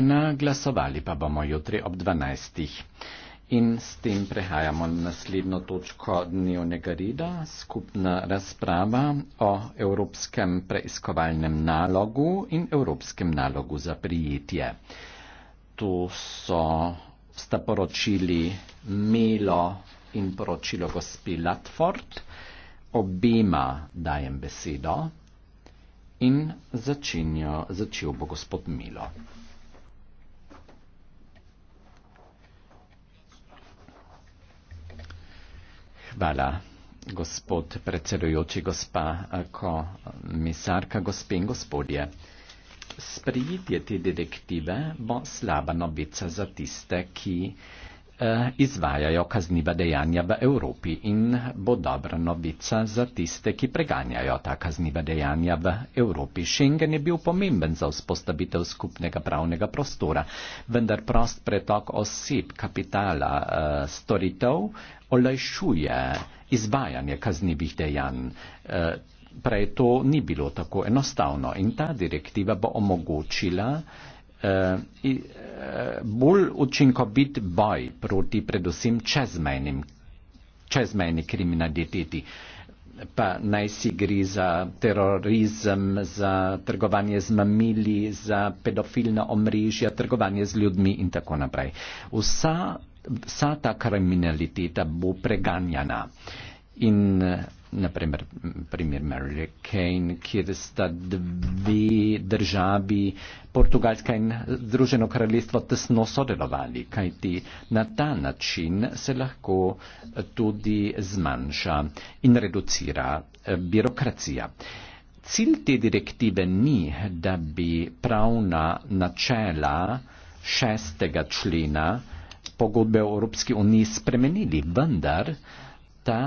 na glasovali pa bomo jutri ob 12. In s tem prehajamo na naslednjo točko dnevnega reda, skupna razprava o Evropskem preiskovalnem nalogu in Evropskem nalogu za prijetje. To so sta poročili Melo in poročilo gospe Latford. Obema dajem besedo in začenjo, začel bo gospod Milo. Hvala, gospod predsedujoči, gospa eh, komisarka, gospe in gospodje. Sprejitje te direktive bo slaba novica za tiste, ki uh, Eh, izvajajo kazniva dejanja v Evropi in bo dobra novica za tiste, ki preganjajo ta kazniva dejanja v Evropi. Schengen je bil pomemben za vzpostavitev skupnega pravnega prostora, vendar prost pretok oseb, kapitala, eh, storitev olajšuje izvajanje kaznivih dejanj. Eh, prej to ni bilo tako enostavno in ta direktiva bo omogočila Eh, eh, bolj učinkovit boj proti predvsem čezmejnim, čezmejni kriminaliteti. Pa naj si gre za terorizem, za trgovanje z mamili, za pedofilna omrežja, trgovanje z ljudmi in tako naprej. Vsa, vsa ta kriminaliteta bo preganjana. In eh, naprimer primer Mary Kane, kjer sta dve državi eh, Portugalska in Združeno kraljestvo tesno sodelovali, kajti na ta način se lahko tudi zmanjša in reducira eh, birokracija. Cilj te direktive ni, da bi pravna načela šestega člena pogodbe o Evropski uniji spremenili, vendar ta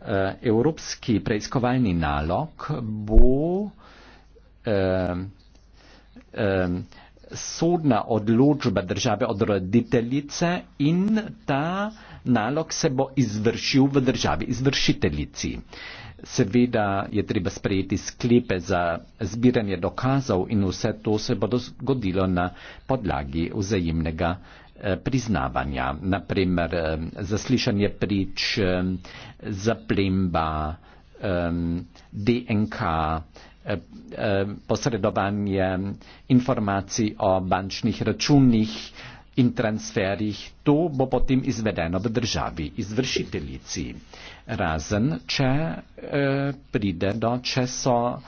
eh, evropski preiskovalni nalog bo eh, Um, sodna odločba države od roditeljice in ta nalog se bo izvršil v državi izvršiteljici. Seveda je treba sprejeti sklepe za zbiranje dokazov in vse to se bo zgodilo na podlagi vzajemnega eh, priznavanja. Naprimer, eh, zaslišanje prič, eh, zaplemba, DNK, Eh, eh, posredovanje informacij o bančnih računih in transferjih, to bo potem izvedeno v državi izvršiteljici. Razen, če eh, pride do, če so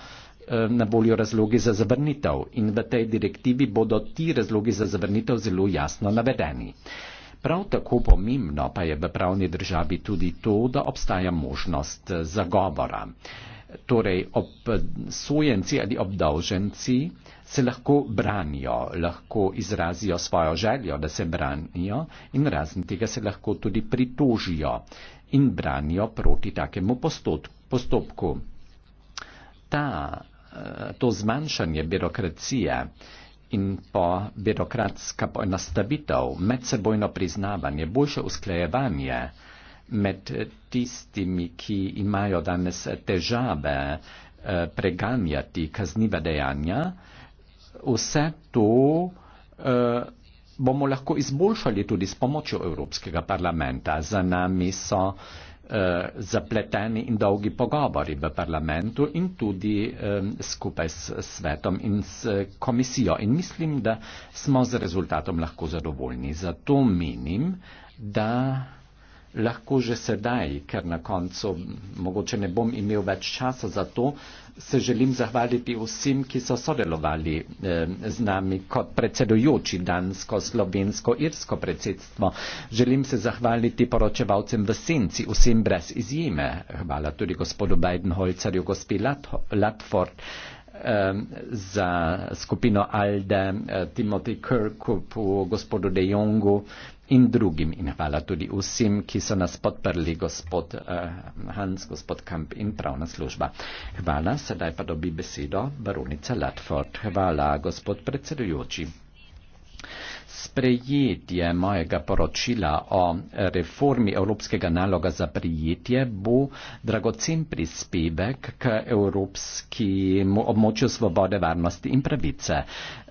na voljo razlogi za zavrnitev in v tej direktivi bodo ti razlogi za zavrnitev zelo jasno navedeni. Prav tako pomembno pa je v pravni državi tudi to, da obstaja možnost zagovora torej obsojenci ali obdolženci se lahko branijo, lahko izrazijo svojo željo, da se branijo in razen tega se lahko tudi pritožijo in branijo proti takemu postopku. Ta, eh, to zmanjšanje birokracije in po birokratska poenostavitev, medsebojno priznavanje, boljše usklejevanje, med tistimi, ki imajo danes težave eh, preganjati kazniva dejanja, vse to eh, bomo lahko izboljšali tudi s pomočjo Evropskega parlamenta. Za nami so eh, zapleteni in dolgi pogovori v parlamentu in tudi skupaj s svetom in s komisijo. In mislim, da smo z rezultatom lahko zadovoljni. Zato menim, da lahko že sedaj, ker na koncu mogoče ne bom imel več časa za to, se želim zahvaliti vsem, ki so sodelovali eh, z nami kot predsedujoči dansko, slovensko, irsko predsedstvo. Želim se zahvaliti poročevalcem v senci, vsem brez izjeme. Hvala tudi gospodu Bidenholcerju, gospi Latford za skupino Alde, eh, Timothy Kirkupu, gospodu De Jongu in drugim. In hvala tudi vsem, ki so nas podprli, gospod eh, Hans, gospod Kamp in pravna služba. Hvala, sedaj pa dobi besedo Baronica Latford. Hvala, gospod predsedujoči. Sprejetje mojega poročila o reformi Evropskega naloga za prijetje bo dragocen prispevek k Evropskemu območju svobode, varnosti in pravice.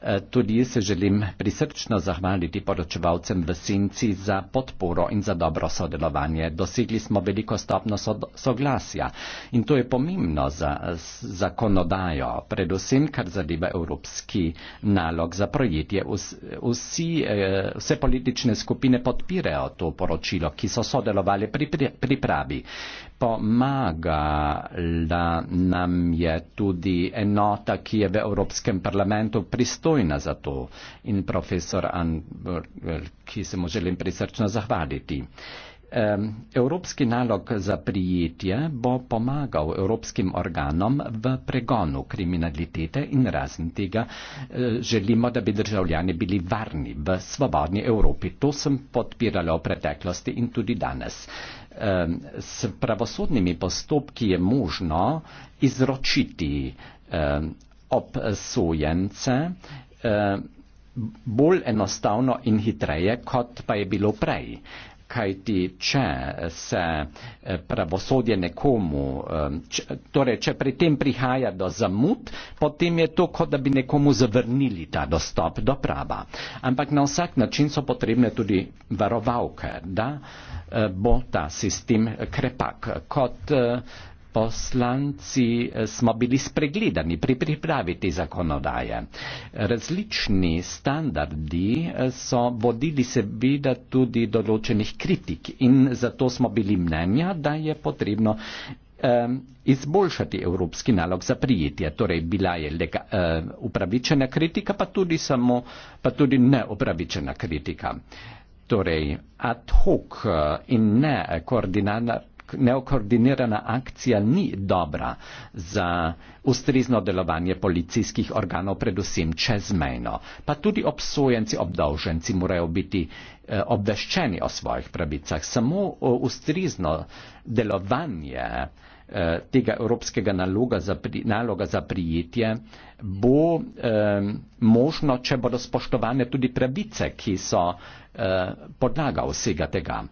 E, tudi se želim prisrčno zahvaliti poročevalcem v Senci za podporo in za dobro sodelovanje. Dosegli smo veliko stopno soglasja in to je pomembno za zakonodajo, predvsem kar zadeva Evropski nalog za prijetje. Vsi Eh, vse politične skupine podpirajo to poročilo, ki so sodelovali pri pripravi. Pomaga, da nam je tudi enota, ki je v Evropskem parlamentu pristojna za to in profesor Anbr, ki se mu želim prisrčno zahvaliti. Evropski nalog za prijetje bo pomagal evropskim organom v pregonu kriminalitete in razen tega e, želimo, da bi državljani bili varni v svobodni Evropi. To sem podpirala v preteklosti in tudi danes. S pravosodnimi postopki je možno izročiti obsojence bolj enostavno in hitreje, kot pa je bilo prej kajti če se eh, pravosodje nekomu, eh, torej če pri tem prihaja do zamud, potem je to, kot da bi nekomu zavrnili ta dostop do prava. Ampak na vsak način so potrebne tudi varovalke, da eh, bo ta sistem krepak. Kot, poslanci eh, smo bili spregledani pri pripravi te zakonodaje. Različni standardi eh, so vodili seveda tudi določenih kritik in zato smo bili mnenja, da je potrebno eh, izboljšati evropski nalog za prijetje. Torej, bila je lega, uh, upravičena kritika, pa tudi, samo, pa tudi neupravičena kritika. Torej, ad hoc in ne koordinator neokoordinirana akcija ni dobra za ustrezno delovanje policijskih organov, predvsem čezmejno. Pa tudi obsojenci, obdolženci morajo biti eh, obveščeni o svojih pravicah. Samo ustrezno delovanje eh, tega evropskega naloga za, pri, naloga za prijetje bo eh, možno, če bodo spoštovane tudi pravice, ki so eh, podlaga vsega tega.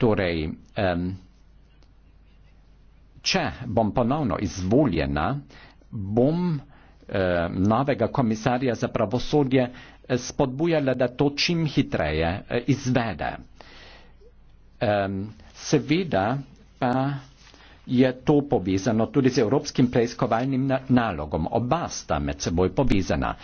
Torej, eh, če bom ponovno izvoljena, bom eh, novega komisarja za pravosodje eh, spodbujala, da to čim hitreje eh, izvede. Eh, seveda pa je to povezano tudi z evropskim preiskovalnim nalogom. Oba sta med seboj povezana.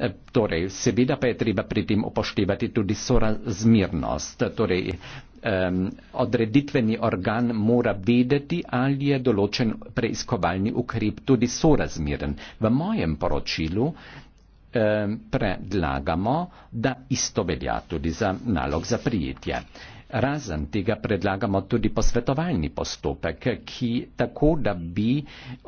E, torej, seveda pa je treba pri tem upoštevati tudi sorazmirnost. Torej, um, odreditveni organ mora vedeti, ali je določen preiskovalni ukrep tudi sorazmeren. V mojem poročilu um, predlagamo, da isto velja tudi za nalog za prijetje. Razen tega predlagamo tudi posvetovalni postopek, ki tako, da bi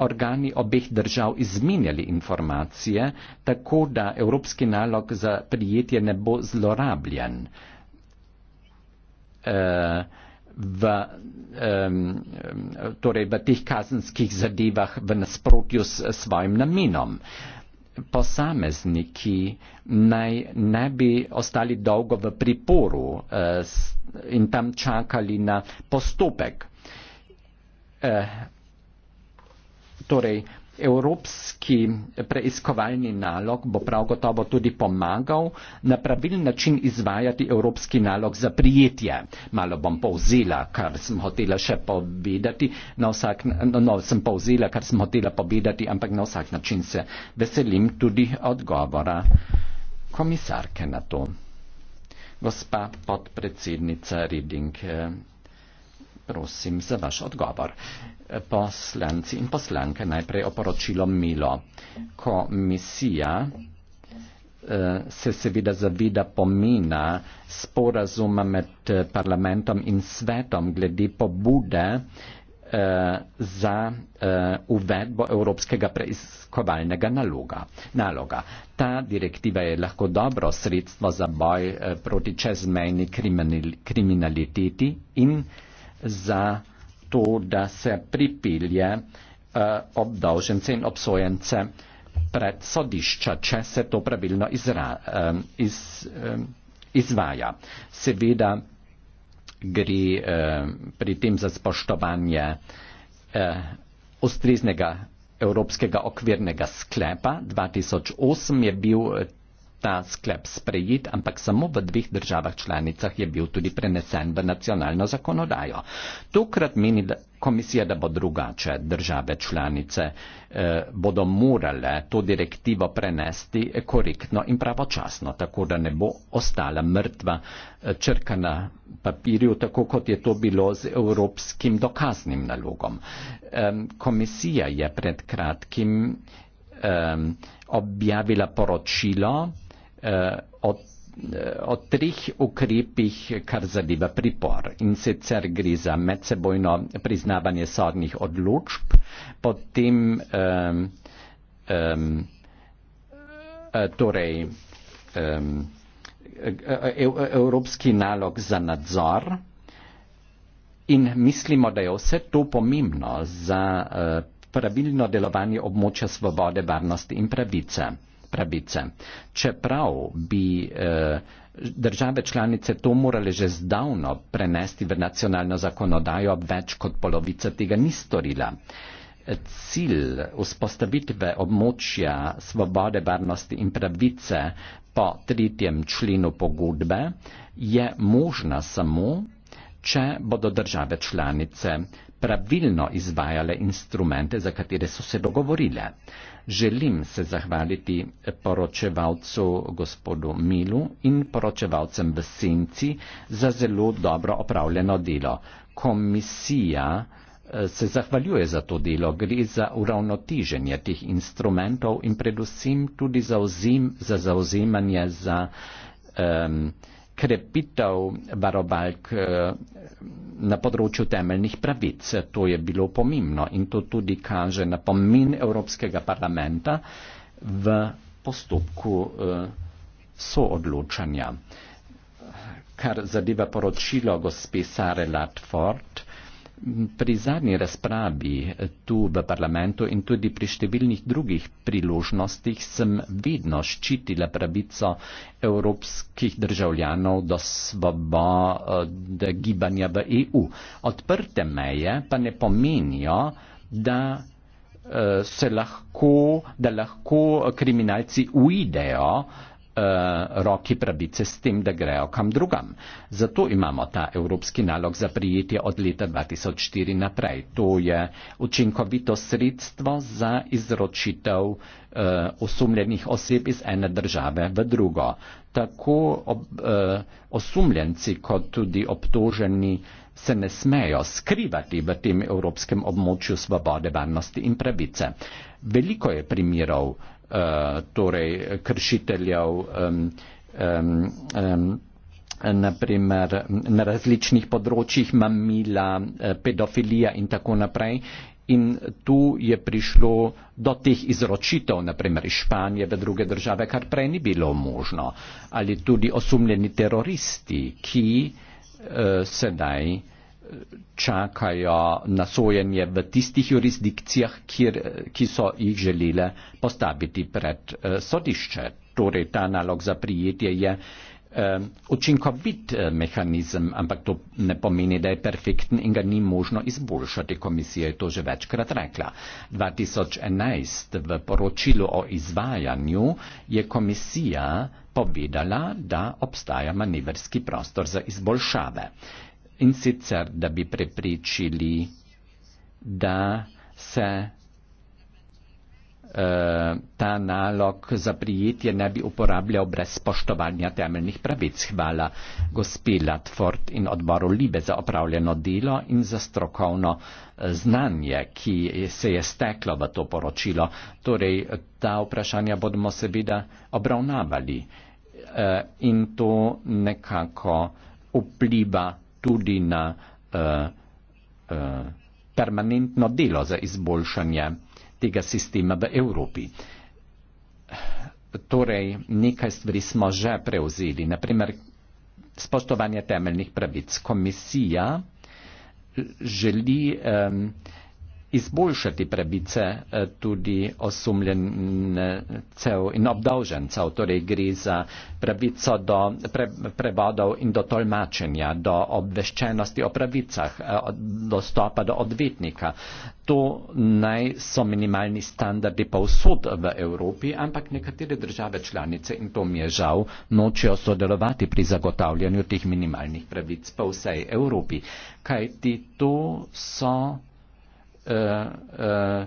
organi obeh držav izminjali informacije, tako da evropski nalog za prijetje ne bo zlorabljen v, torej v teh kazenskih zadevah v nasprotju s svojim namenom. Posamezniki naj ne bi ostali dolgo v priporu eh, in tam čakali na postopek. Eh, torej, evropski preiskovalni nalog bo prav gotovo tudi pomagal na pravilen način izvajati evropski nalog za prijetje. Malo bom povzela, kar sem hotela še povedati, na vsak, no, no, sem povzela, kar sem hotela povedati, ampak na vsak način se veselim tudi odgovora komisarke na to. Gospa podpredsednica Reding. Eh, prosim za vaš odgovor. Poslanci in poslanke, najprej o poročilo Milo. Komisija eh, se seveda zavida pomena sporazuma med eh, parlamentom in svetom glede pobude eh, za uvedbo evropskega preiskovalnega naloga. naloga. Ta direktiva je lahko dobro sredstvo za boj proti čezmejni kriminaliteti in za to, da se pripelje eh, obdolžence in obsojence pred sodišča, če se to pravilno izra, iz, izvaja. Seveda gre pri tem za spoštovanje eh, ustreznega evropskega okvirnega sklepa. 2008 je bil ta sklep sprejet, ampak samo v dveh državah članicah je bil tudi prenesen v nacionalno zakonodajo. Tokrat meni da, komisija, da bo drugače. Države članice eh, bodo morale to direktivo prenesti eh, korektno in pravočasno, tako da ne bo ostala mrtva eh, črka na papirju, tako kot je to bilo z evropskim dokaznim nalogom. Eh, komisija je pred kratkim eh, objavila poročilo, eh, od, eh, od trih ukrepih, kar zadeva pripor. In sicer gre za medsebojno priznavanje sodnih odločb, potem eh, eh, torej, eh, evropski nalog za nadzor. In mislimo, da je vse to pomembno za uh, pravilno delovanje območja svobode, varnosti in pravice pravice. Čeprav bi eh, države članice to morale že zdavno prenesti v nacionalno zakonodajo, več kot polovica tega ni storila. Cilj vzpostavitve območja svobode, varnosti in pravice po tretjem členu pogodbe je možna samo, če bodo države članice pravilno izvajale instrumente, za katere so se dogovorile. Želim se zahvaliti poročevalcu gospodu Milu in poročevalcem v Senci za zelo dobro opravljeno delo. Komisija eh, se zahvaljuje za to delo, gre za uravnoteženje teh instrumentov in predvsem tudi za, ozim, za zauzemanje za. Um, krepitev varovalk eh, na področju temeljnih pravic. To je bilo pomembno in to tudi kaže na pomen Evropskega parlamenta v postopku eh, soodločanja. Kar zadeva poročilo gospe Sare Latford, Pri zadnji razpravi tu v parlamentu in tudi pri številnih drugih priložnostih sem vedno ščitila pravico evropskih državljanov do svobode gibanja v EU. Odprte meje pa ne pomenijo, da eh, se lahko, da lahko kriminalci ujdejo Eh, roki pravice s tem, da grejo kam drugam. Zato imamo ta evropski nalog za prijetje od leta 2004 naprej. To je učinkovito sredstvo za izročitev uh, osumljenih oseb iz ene države v drugo. Tako ob, uh, osumljenci kot tudi obtoženi se ne smejo skrivati v tem evropskem območju svobode, varnosti in pravice. Veliko je primerov, Eh, torej kršiteljev um, um, um, naprimer, na različnih področjih, mamila, eh, pedofilija in tako naprej. In tu je prišlo do teh izročitev, naprimer iz Španije v druge države, kar prej ni bilo možno. Ali tudi osumljeni teroristi, ki uh, sedaj uh, čakajo na sojenje v tistih jurisdikcijah, kjer, ki so jih želele postaviti pred eh, sodišče. Torej, ta nalog za prijetje je eh, učinkovit eh, mehanizem, ampak to ne pomeni, da je perfekten in ga ni možno izboljšati. Komisija je to že večkrat rekla. 2011 v poročilu o izvajanju je komisija povedala, da obstaja manevrski prostor za izboljšave in sicer da bi prepričili, da se uh, ta nalog za prijetje ne bi uporabljal brez spoštovanja temeljnih pravic. Hvala gospe Latford in odboru Libe za opravljeno delo in za strokovno eh, znanje, ki se je steklo v to poročilo. Torej, ta vprašanja bomo seveda obravnavali uh, in to nekako vpliva tudi na uh, uh, permanentno delo za izboljšanje tega sistema v Evropi. Torej, nekaj stvari smo že prevzeli, naprimer spoštovanje temeljnih pravic. Komisija želi um, izboljšati prebice eh, tudi osumljencev in obdolžencev. Torej gre za pravico do pre, prevodov in do tolmačenja, do obveščenosti o pravicah, eh, dostopa do odvetnika. To naj so minimalni standardi povsod v Evropi, ampak nekatere države članice, in to mi je žal, nočejo sodelovati pri zagotavljanju teh minimalnih pravic po vsej Evropi. Kaj ti to so Eh, eh,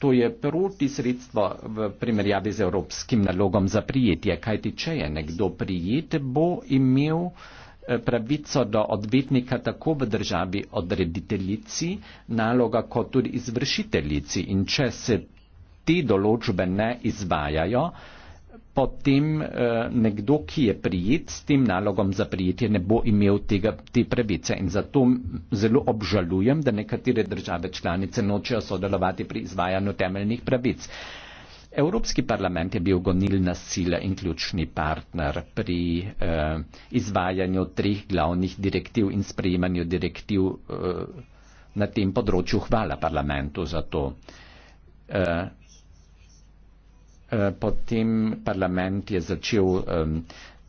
to je proti sredstva v primerjavi z evropskim nalogom za prijetje. Kaj ti, če je nekdo prijet, bo imel eh, pravico do odvetnika tako v državi odrediteljici naloga kot tudi izvršiteljici. In če se te določbe ne izvajajo, eh, potem eh, nekdo, ki je prijet s tem nalogom za prijetje, ne bo imel tega, te pravice. In zato zelo obžalujem, da nekatere države članice nočejo sodelovati pri izvajanju temeljnih pravic. Evropski parlament je bil gonilna sila in ključni partner pri eh, izvajanju treh glavnih direktiv in sprejemanju direktiv eh, na tem področju. Hvala parlamentu za to. Eh, Eh, potem parlament je začel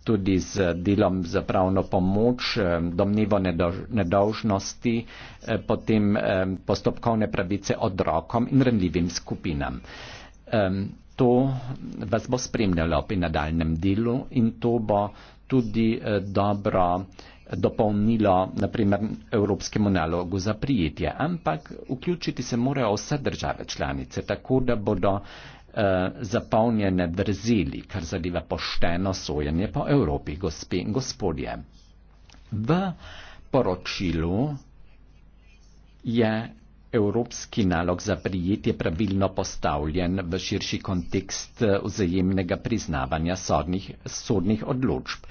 tudi z delom za pravno pomoč, domnevo nedolžnosti, eh, potem postopkovne pravice odrokom in renljivim skupinam. To vas bo spremljalo pri nadaljem delu in to bo tudi eh, dobro dopolnilo, naprimer, evropskemu nalogu za prijetje. Ampak vključiti se morajo vse države članice, tako da bodo Eh, zapolnjene brzili, kar zadeva pošteno sojenje po Evropi, gospe in gospodje. V poročilu je evropski nalog za prijetje pravilno postavljen v širši kontekst eh, vzajemnega priznavanja sodnih, sodnih odločb.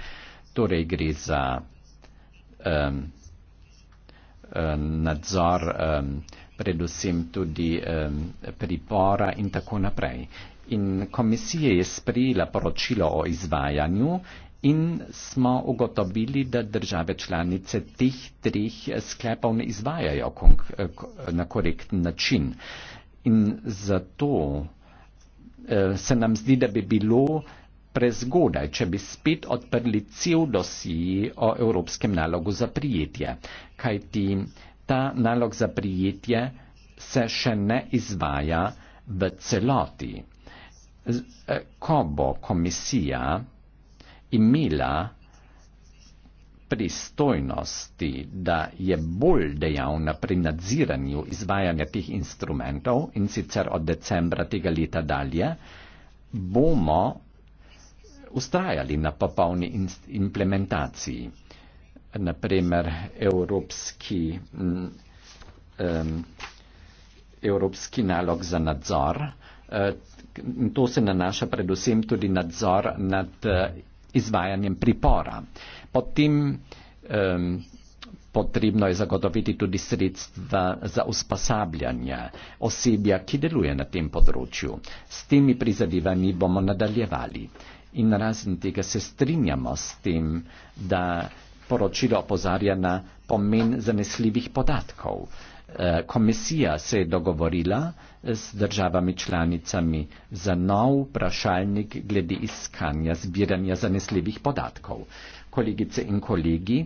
Torej gre za um, um, nadzor um, predvsem tudi um, pripora in tako naprej. In komisija je sprejela poročilo o izvajanju in smo ugotovili, da države članice teh treh sklepov ne izvajajo na korekten način. In zato uh, se nam zdi, da bi bilo prezgodaj, če bi spet odprli cel dosij o evropskem nalogu za prijetje. Kajti, uh, ta nalog za prijetje se še ne izvaja v celoti. Eh, ko bo komisija imela pristojnosti, da je bolj dejavna pri nadziranju izvajanja teh instrumentov in sicer od decembra tega leta dalje, bomo ustrajali na popolni implementaciji na primer evropski, um, evropski nalog za nadzor. In eh, to se nanaša predvsem tudi nadzor nad eh, izvajanjem pripora. Potem um, potrebno je zagotoviti tudi sredstva za usposabljanje osebja, ki deluje na tem področju. S temi prizadevanji bomo nadaljevali. In razen tega se strinjamo s tem, da poročilo opozarja na pomen zanesljivih podatkov. Eh, komisija se je dogovorila z državami članicami za nov vprašalnik glede iskanja, zbiranja zanesljivih podatkov. Kolegice in kolegi,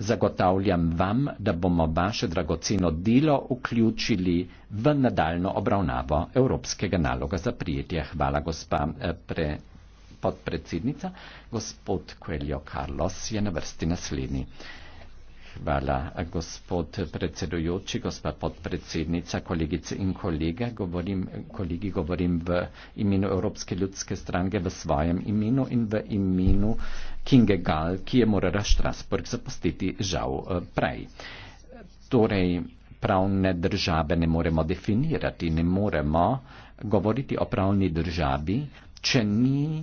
zagotavljam vam, da bomo vaše dragoceno delo vključili v nadaljno obravnavo Evropskega naloga za prijetje. Hvala, gospa eh, pre, podpredsednica. Gospod Kueljo Carlos je na vrsti naslednji. Hvala, gospod predsedujoči, gospa podpredsednica, kolegice in kolege. Govorim, kolegi, govorim v imenu Evropske ljudske stranke, v svojem imenu in v imenu Kinge Gal, ki je morala Štrasburg zapustiti žal eh, prej. Torej, pravne države ne moremo definirati, ne moremo govoriti o pravni državi, če ni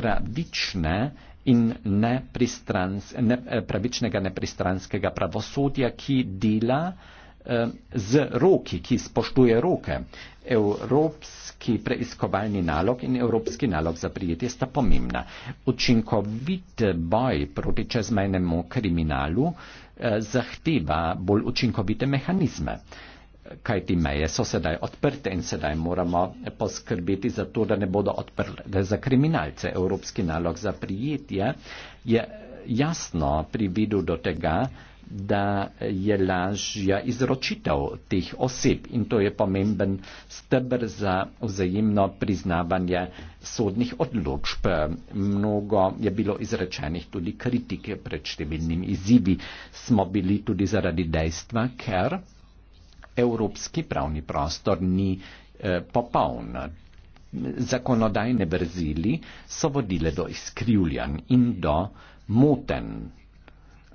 pravične in nepristrans, ne, eh, pravičnega nepristranskega pravosodja, ki dela eh, z roki, ki spoštuje roke. Evropski preiskovalni nalog in evropski nalog za prijetje sta pomembna. Učinkovit boj proti čezmejnemu kriminalu eh, zahteva bolj učinkovite mehanizme. Eh, kaj ti meje so sedaj odprte in sedaj moramo poskrbeti za to, da ne bodo odprte za kriminalce. Evropski nalog za prijetje je jasno prividu do tega, da je lažja izročitev teh oseb in to je pomemben stebr za vzajemno priznavanje sodnih odločb. Mnogo je bilo izrečenih tudi kritike pred številnimi izzivi. Smo bili tudi zaradi dejstva, ker evropski pravni prostor ni eh, popoln. Zakonodajne brzili so vodile do izkrivljanj in do moten,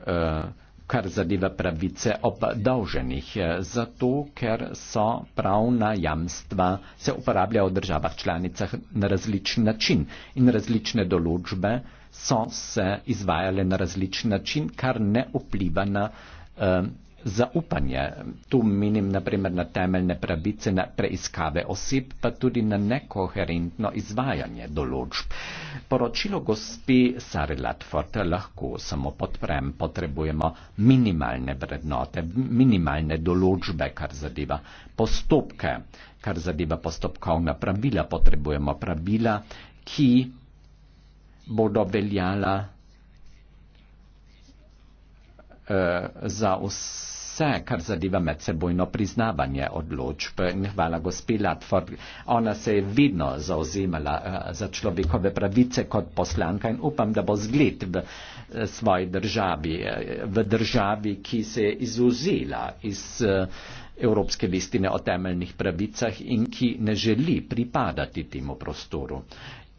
eh, kar zadeva pravice obdolženih, eh, zato ker so pravna jamstva se uporabljajo v državah članicah na različen način in različne določbe so se izvajale na različen način, kar ne vpliva na eh, zaupanje. Tu menim naprimer na temeljne pravice, na preiskave oseb, pa tudi na nekoherentno izvajanje določb. Poročilo gospi Sari Latford lahko samo podprem, potrebujemo minimalne vrednote, minimalne določbe, kar zadeva postopke, kar zadeva postopkovna pravila, potrebujemo pravila, ki bodo veljala eh, za vse vse, kar zadeva medsebojno priznavanje odločb. Hvala gospi Latford. Ona se je vidno zauzemala eh, za človekove pravice kot poslanka in upam, da bo zgled v eh, svoji državi, eh, v državi, ki se je izuzela iz Evropske listine o temeljnih pravicah in ki ne želi pripadati temu prostoru.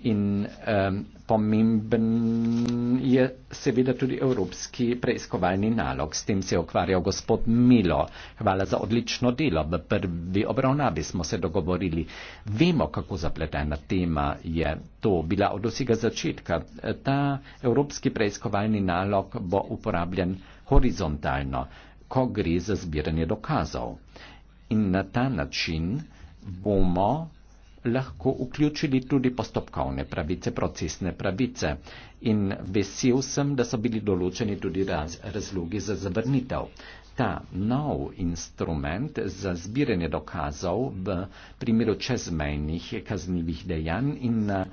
In um, pomemben je seveda tudi evropski preiskovalni nalog. S tem se je ukvarjal gospod Milo. Hvala za odlično delo. V prvi obravnavi smo se dogovorili. Vemo, kako zapletena tema je to bila od vsega začetka. Ta evropski preiskovalni nalog bo uporabljen horizontalno, ko gre za zbiranje dokazov. In na ta način bomo lahko vključili tudi postopkovne pravice, procesne pravice. In vesel sem, da so bili določeni tudi raz, razlogi za zavrnitev. Ta nov instrument za zbiranje dokazov v primeru čezmejnih kaznjivih dejanj in na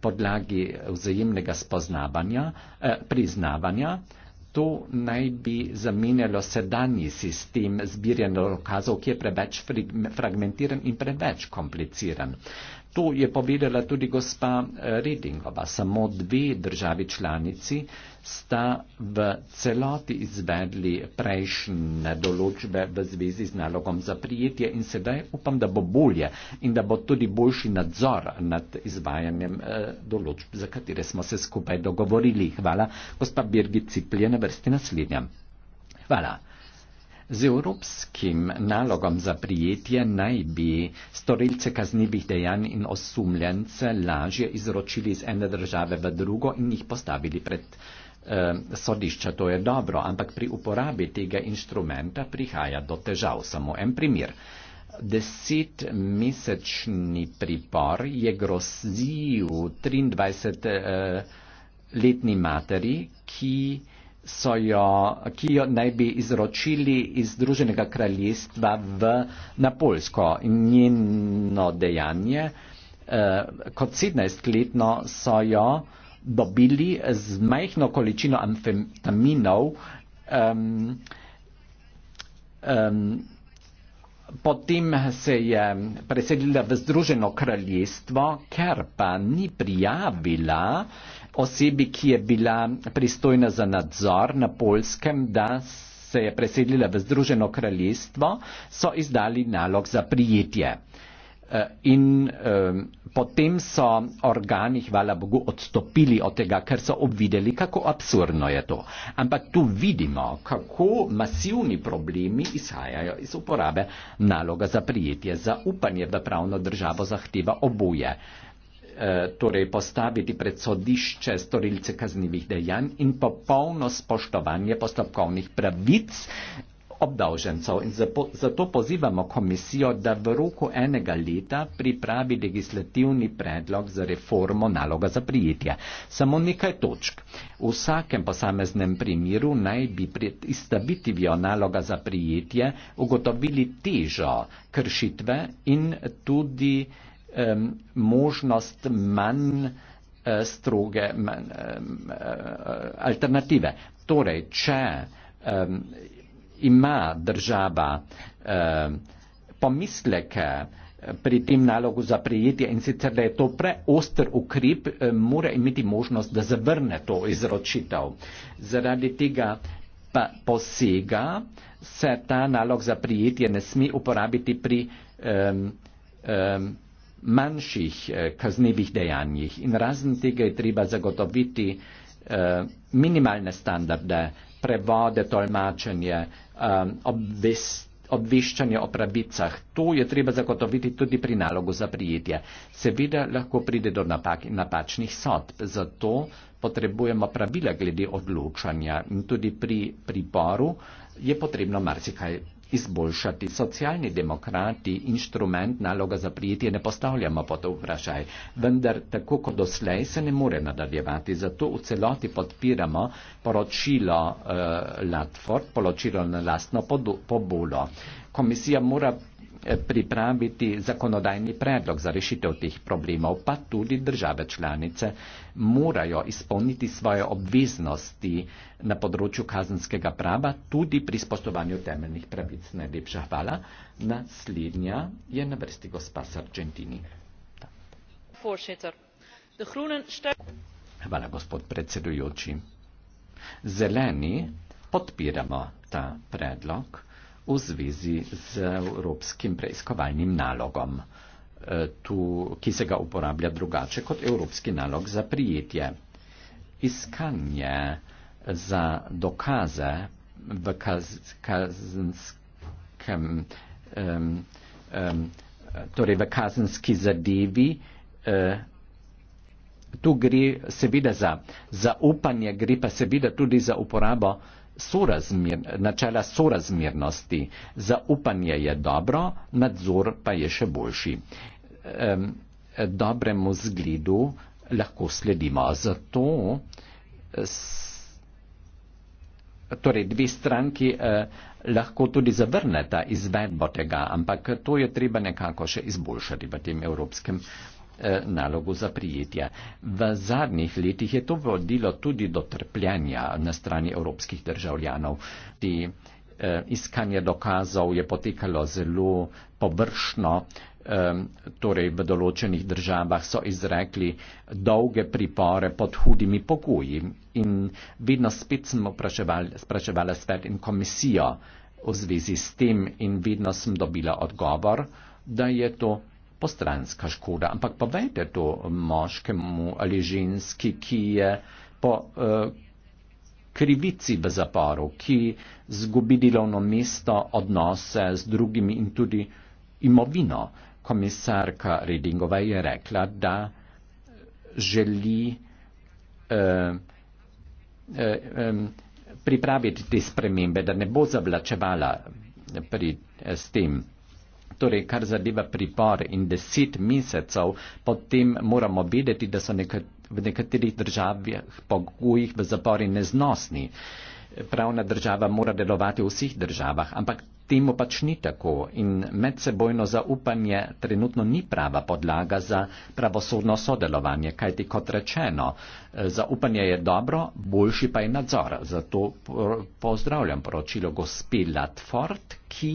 podlagi vzajemnega spoznavanja, eh, priznavanja, eh, To naj bi zamenjalo sedanji sistem zbiranja dokazov, ki je preveč fragmentiran in preveč kompliciran. To je povedala tudi gospa eh, Redingova. Samo dve državi članici sta v celoti izvedli prejšnje določbe v zvezi z nalogom za prijetje in sedaj upam, da bo bolje in da bo tudi boljši nadzor nad izvajanjem eh, določb, za katere smo se skupaj dogovorili. Hvala. Gospa Birgit Cipljena, vrsti naslednja. Hvala. Z evropskim nalogom za prijetje naj bi storilce kaznivih dejanj in osumljence lažje izročili iz ene države v drugo in jih postavili pred eh, sodišča. To je dobro, ampak pri uporabi tega inštrumenta prihaja do težav. Samo en primer. Desetmesečni pripor je grozil 23-letni eh, materi, ki so jo, ki jo naj bi izročili iz Združenega kraljestva v Napoljsko. In njeno dejanje eh, kot 17-letno so jo dobili z majhno količino amfetaminov. Um, um, Potem se je preselila v Združeno kraljestvo, ker pa ni prijavila uh, osebi, ki je bila pristojna za nadzor na polskem, da se je preselila v Združeno kraljestvo, so izdali nalog za prijetje. E, in um, potem so organi, hvala Bogu, odstopili od tega, ker so obvideli, kako absurdno je to. Ampak tu vidimo, kako masivni problemi izhajajo iz uporabe naloga za prijetje. Zaupanje v pravno državo zahteva oboje. Eh, torej postaviti pred sodišče storilce kaznjivih dejanj in popolno spoštovanje postopkovnih pravic obdolžencev. Zato pozivamo komisijo, da v roku enega leta pripravi legislativni predlog za reformo naloga za prijetje. Samo nekaj točk. V vsakem posameznem primeru naj bi pred izstavitvijo naloga za prijetje ugotovili težo kršitve in tudi eh, Ehm, možnost manj eh, stroge manj, ehm, eh, alternative. Torej, če ehm, ima država pomisleke eh, pri tem nalogu za prijetje in sicer, da je to preoster ukrep, mora imeti možnost, da zavrne to izročitev. Zaradi tega pa posega se ta nalog za prijetje ne sme uporabiti pri um, um, manjših eh, kaznevih dejanjih. In razen tega je treba zagotoviti eh, minimalne standarde, prevode, tolmačenje, eh, obveščanje o pravicah. To je treba zagotoviti tudi pri nalogu za prijetje. Seveda lahko pride do napak in napačnih sodb, zato potrebujemo pravila glede odločanja in tudi pri priporu je potrebno marsikaj izboljšati. Socialni demokrati inštrument naloga za prijetje ne postavljamo pod vprašaj, vendar tako kot doslej se ne more nadaljevati. Zato v celoti podpiramo poročilo eh, Latford, poročilo na lastno pobulo. Komisija mora pripraviti zakonodajni predlog za rešitev teh problemov, pa tudi države članice morajo izpolniti svoje obveznosti na področju kazenskega prava tudi pri spoštovanju temeljnih pravic. Najlepša hvala. Naslednja je na vrsti gospa Sargentini. Hvala, gospod predsedujoči. Zeleni podpiramo ta predlog v zvezi z evropskim preiskovalnim nalogom, eh, tu, ki se ga uporablja drugače kot evropski nalog za prijetje. Iskanje eh, za dokaze v kazenskem, um, um, torej v kazenski zadevi, uh, tu gre seveda za zaupanje, gre pa seveda tudi za uporabo uh, sorazmer, načela sorazmernosti. Zaupanje je dobro, nadzor pa je še boljši. Um, dobremu zgledu lahko sledimo. Zato torej dve stranki eh, lahko tudi zavrneta izvedbo tega, ampak to je treba nekako še izboljšati v tem evropskem Eh, nalogo zaprijetja. V zadnjih letih je to vodilo tudi do trpljanja na strani evropskih državljanov. Ti eh, iskanje dokazov je potekalo zelo površno, eh, torej v določenih državah so izrekli dolge pripore pod hudimi pokoji in vedno spet sem spraševala svet in komisijo v zvezi s tem in vedno sem dobila odgovor, da je to postranska škoda. Ampak povejte to moškemu ali ženski, ki je po uh, krivici v zaporu, ki zgubi delovno mesto, odnose z drugimi in tudi imovino. Komisarka Redingova je rekla, da želi uh, pripraviti te spremembe, da ne bo zavlačevala pri, s tem. Torej, kar zadeva pripor in deset mesecev, potem moramo vedeti, da so nekat, v nekaterih državah pogojih v zapori neznosni. Pravna država mora delovati v vseh državah, ampak temu pač ni tako in medsebojno zaupanje trenutno ni prava podlaga za pravosodno sodelovanje, kajti kot rečeno, zaupanje je dobro, boljši pa je nadzor. Zato pozdravljam poročilo gospe Latford, ki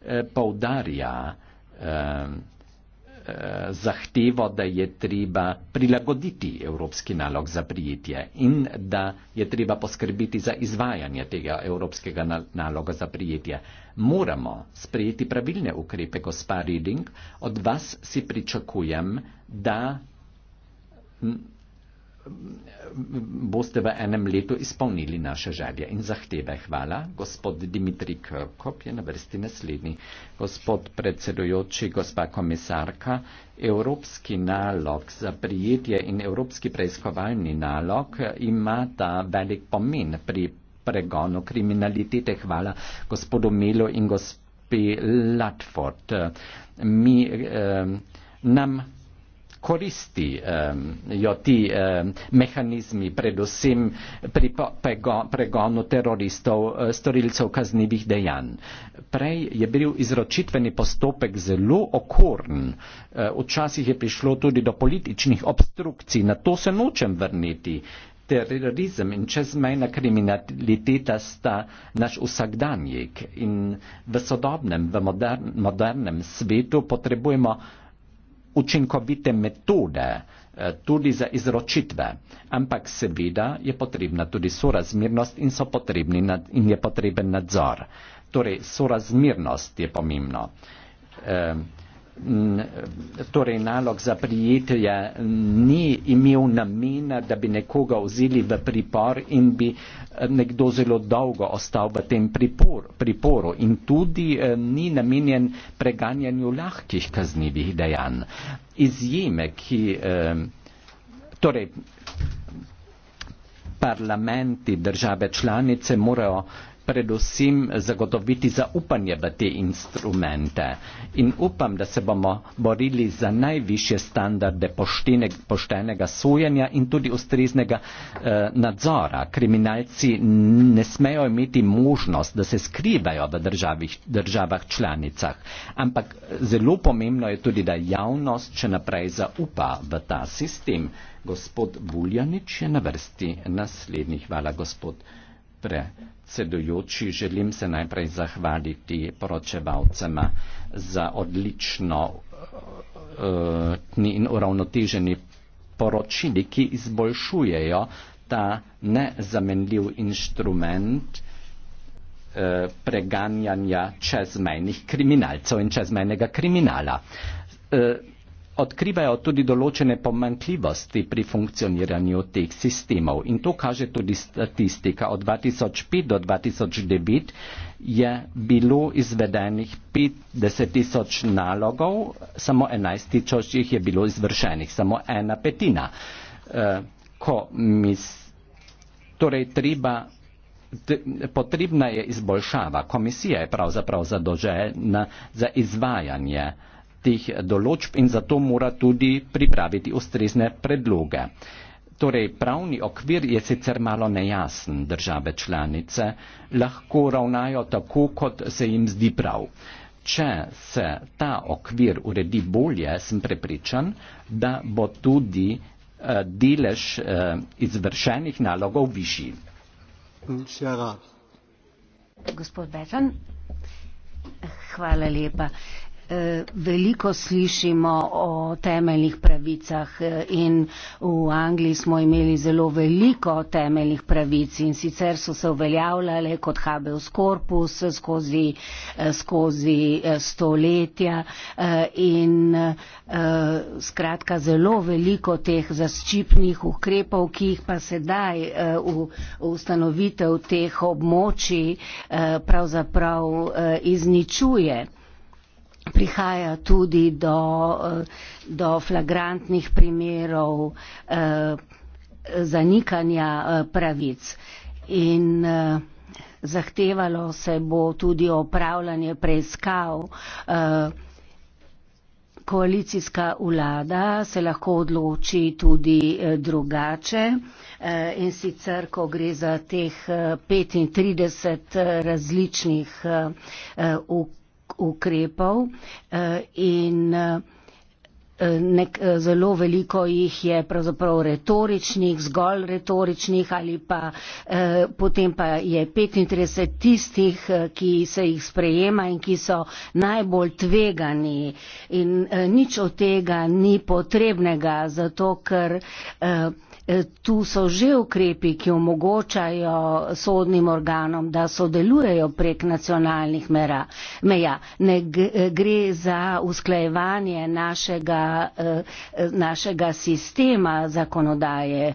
Eh, poudarja eh, eh, zahtevo, da je treba prilagoditi evropski nalog za prijetje in da je treba poskrbiti za izvajanje tega evropskega naloga za prijetje. Moramo sprejeti pravilne ukrepe, gospa Reding. Od vas si pričakujem, da hm, boste v enem letu izpolnili naše želje in zahteve. Hvala. Gospod Dimitri Krkop je na vrsti naslednji. Gospod predsedujoči, gospa komisarka, evropski nalog za prijetje in evropski preiskovalni nalog ima ta velik pomen pri pregonu kriminalitete. Hvala gospodu Milo in gospi Latford. Mi, eh, nam koristi jo ti mehanizmi, predvsem pri pregonu teroristov, e, storilcev kaznivih dejanj. Prej je bil izročitveni postopek zelo okorn, e, včasih je prišlo tudi do političnih obstrukcij, na to se nočem vrniti. Terorizem in čezmejna kriminaliteta sta naš vsakdanjik in v sodobnem, v modern, modernem svetu potrebujemo učinkovite metode eh, tudi za izročitve, ampak seveda je potrebna tudi sorazmernost in, in je potreben nadzor. Torej, sorazmernost je pomembno. Uh, torej nalog za prijetelja ni imel namena, da bi nekoga vzeli v pripor in bi eh, nekdo zelo dolgo ostal v tem pripor, priporu in tudi eh, ni namenjen preganjanju lahkih kaznivih dejanj. Izjeme, ki eh, torej parlamenti države članice morajo predvsem zagotoviti zaupanje v te instrumente in upam, da se bomo borili za najviše standarde poštene, poštenega sojenja in tudi ustreznega eh, nadzora. Kriminalci ne smejo imeti možnost, da se skrivajo v državih, državah članicah, ampak eh, zelo pomembno je tudi, da javnost še naprej zaupa v ta sistem. Gospod Buljanič je na vrsti naslednji. Hvala, gospod. Pre predsedujoči, želim se najprej zahvaliti poročevalcema za odlično uh, in uravnoteženi poročili, ki izboljšujejo ta nezamenljiv inštrument eh, preganjanja čezmejnih kriminalcev in čezmejnega kriminala. Eh, odkrivajo tudi določene pomankljivosti pri funkcioniranju teh sistemov. In to kaže tudi statistika. Od 2005 do 2009 je bilo izvedenih 50 tisoč nalogov, samo 11 tisoč jih je bilo izvršenih, samo ena petina. Eh, ko mis, torej treba, t, potrebna je izboljšava. Komisija je pravzaprav zadolžena za izvajanje uh, teh določb in zato mora tudi pripraviti ustrezne predloge. Torej, pravni okvir je sicer malo nejasen, države članice lahko ravnajo tako, kot se jim zdi prav. Če se ta okvir uredi bolje, sem prepričan, da bo tudi eh, delež eh, izvršenih nalogov višji. Gospod Betan, hvala lepa. Eh, Eh, veliko slišimo o temeljnih pravicah eh, in v Angliji smo imeli zelo veliko temeljnih pravic in sicer so se uveljavljale kot habeus corpus eh, skozi, skozi stoletja in skratka zelo veliko teh zaščipnih ukrepov, ki jih pa sedaj v ustanovitev teh območij pravzaprav izničuje prihaja tudi do, eh, do flagrantnih primerov eh, zanikanja eh, pravic. In zahtevalo se bo tudi opravljanje preiskav. Koalicijska vlada se lahko odloči tudi drugače in sicer, ko gre za teh 35 različnih ukrepov eh, in eh, Eh, nek, eh, zelo veliko jih je pravzaprav retoričnih, zgolj retoričnih ali pa eh, potem pa je 35 tistih, eh, ki se jih sprejema in ki so najbolj tvegani. In eh, nič od tega ni potrebnega, zato ker. Eh, Tu so že ukrepi, ki omogočajo sodnim organom, da sodelujejo prek nacionalnih meja. Ne gre za usklajevanje našega Eh, našega sistema zakonodaje eh,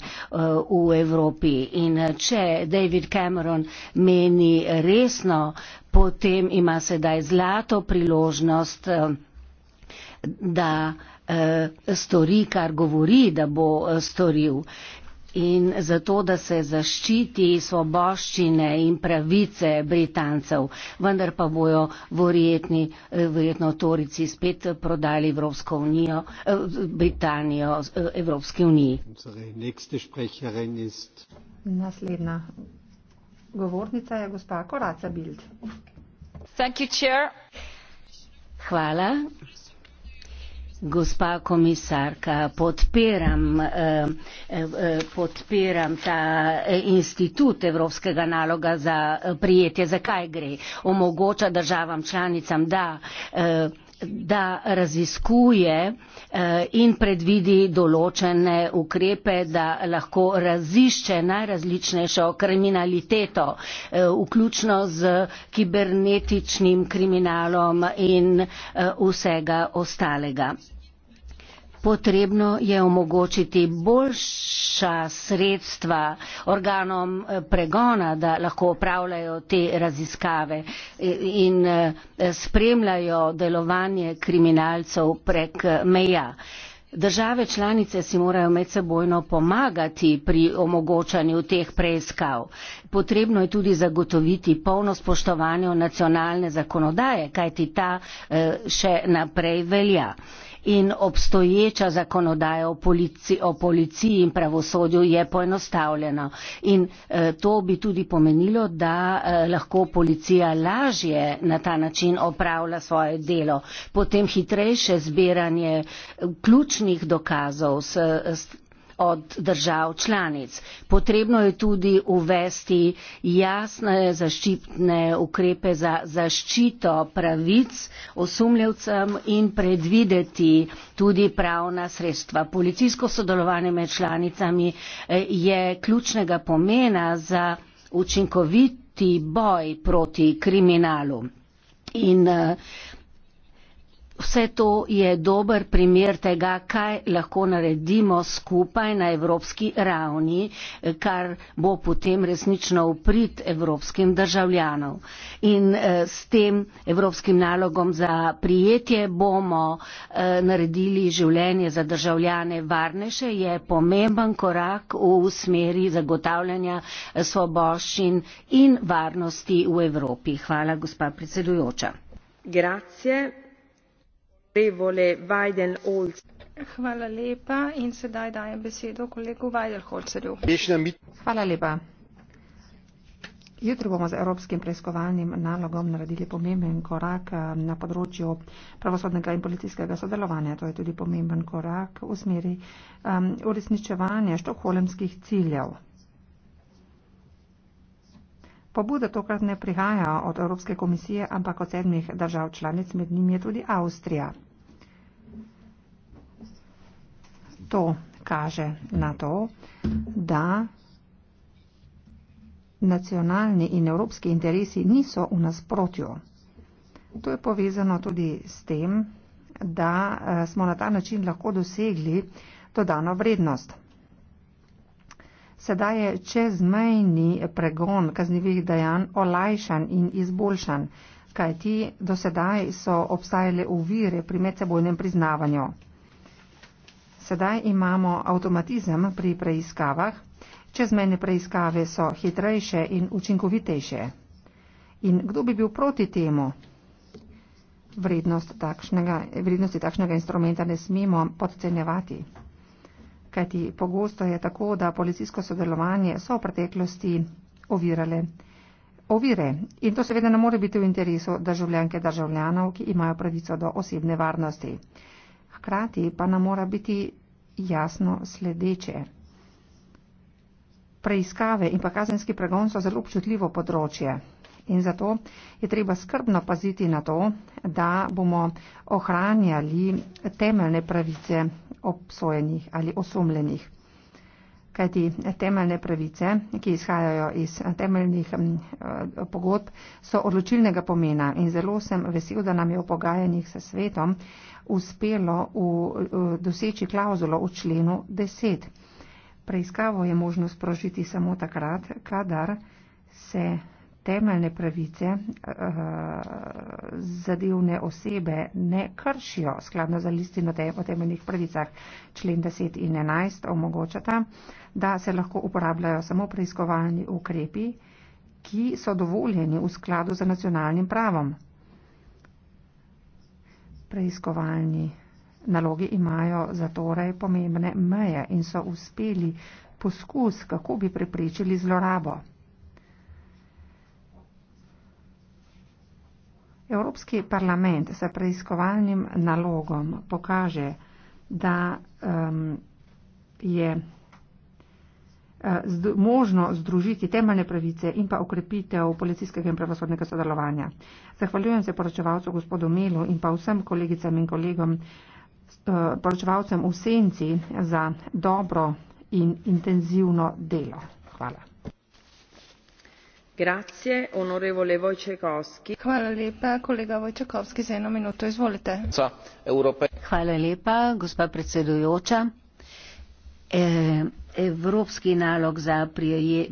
v Evropi. In eh, če David Cameron meni resno, potem ima sedaj zlato priložnost, da stori, kar govori, da bo storil in zato, da se zaščiti svoboščine in pravice Britancev. Vendar pa bojo vorjetni, eh, verjetno Torici spet prodali Evropsko unijo, eh, Britanijo eh, Evropski uniji. Naslednja govornica je gospa Koraca Bild. Hvala. Gospa komisarka, podpiram, eh, eh, eh, podpiram ta institut Evropskega naloga za prijetje. Zakaj gre? Omogoča državam članicam, da da raziskuje eh, in predvidi določene ukrepe, da lahko razišče najrazličnejšo kriminaliteto, eh, vključno z kibernetičnim kriminalom in eh, vsega ostalega potrebno je omogočiti boljša sredstva organom eh, pregona, da lahko opravljajo te raziskave eh, in eh, spremljajo delovanje kriminalcev prek meja. Države članice si morajo medsebojno pomagati pri omogočanju teh preiskav. Potrebno je tudi zagotoviti polno spoštovanje nacionalne zakonodaje, kajti ta še naprej velja in obstoječa zakonodaja o, polici, o policiji in pravosodju je poenostavljena. In eh, to bi tudi pomenilo, da eh, lahko policija lažje na ta način opravlja svoje delo. Potem hitrejše zbiranje eh, ključnih dokazov s, s od držav članic. Potrebno je tudi uvesti jasne zaščitne ukrepe za zaščito pravic osumljevcem in predvideti tudi pravna sredstva. Policijsko sodelovanje med članicami eh, je ključnega pomena za učinkoviti boj proti kriminalu. In eh, Vse to je dober primer tega, kaj lahko naredimo skupaj na evropski ravni, kar bo potem resnično uprit evropskim državljanom. In eh, s tem evropskim nalogom za prijetje bomo eh, naredili življenje za državljane varnejše, je pomemben korak v smeri zagotavljanja eh, svoboščin in varnosti v Evropi. Hvala, gospa predsedujoča. Grazie. Hvala lepa. In sedaj dajem besedo kolegu Vajdelholcerju. Hvala lepa. Jutri bomo z evropskim preiskovalnim nalogom naredili pomemben korak eh, na področju pravosodnega in policijskega sodelovanja. To je tudi pomemben korak v smeri um, uresničevanja štokholemskih ciljev. Pobuda tokrat ne prihaja od Evropske komisije, ampak od sedmih držav članic, med njimi je tudi Avstrija. To kaže na to, da nacionalni in evropski interesi niso v nasprotju. To je povezano tudi s tem, da eh, smo na ta način lahko dosegli dodano vrednost. Sedaj je čezmejni pregon kaznjivih dejanj olajšan in izboljšan, kajti do sedaj so obstajale uvire pri medsebojnem priznavanju. Sedaj imamo avtomatizem pri preiskavah, čezmejne preiskave so hitrejše in učinkovitejše. In kdo bi bil proti temu? Vrednost takšnega, vrednosti takšnega instrumenta ne smemo podcenjevati kajti pogosto je tako, da policijsko sodelovanje so v preteklosti ovirale. Ovire. In to seveda ne more biti v interesu državljanke državljanov, ki imajo pravico do osebne varnosti. Hkrati pa nam mora biti jasno sledeče. Preiskave in pa kazenski pregon so zelo občutljivo področje. In zato je treba skrbno paziti na to, da bomo ohranjali temeljne pravice obsojenih ali osumljenih. Kajti temeljne pravice, ki izhajajo iz eh, temeljnih mm, eh, pogodb, so odločilnega pomena in zelo sem vesel, da nam je v pogajanjih s svetom uspelo v, v, eh, doseči klauzulo v členu 10. Preiskavo je možno sprožiti samo takrat, kadar se temeljne pravice uh, zadevne osebe ne kršijo skladno za listino te, o temeljnih pravicah. Člen 10 in 11 omogočata, da se lahko uporabljajo samo preiskovalni ukrepi, ki so dovoljeni v skladu z nacionalnim pravom. Preiskovalni nalogi imajo zatorej pomembne meje in so uspeli poskus, kako bi preprečili zlorabo. Evropski parlament se preiskovalnim nalogom pokaže, da um, je eh, zd možno združiti temeljne pravice in pa okrepitev policijskega in pravosodnega sodelovanja. Zahvaljujem se poročevalcu gospodu Melu in pa vsem kolegicam in kolegom, eh, poročevalcem v senci za dobro in intenzivno delo. Hvala gospa predsedujoča evropska unija je v zadnjih letih dosegla precej napredka pri reševanju sporov med državami. Evropski nalog za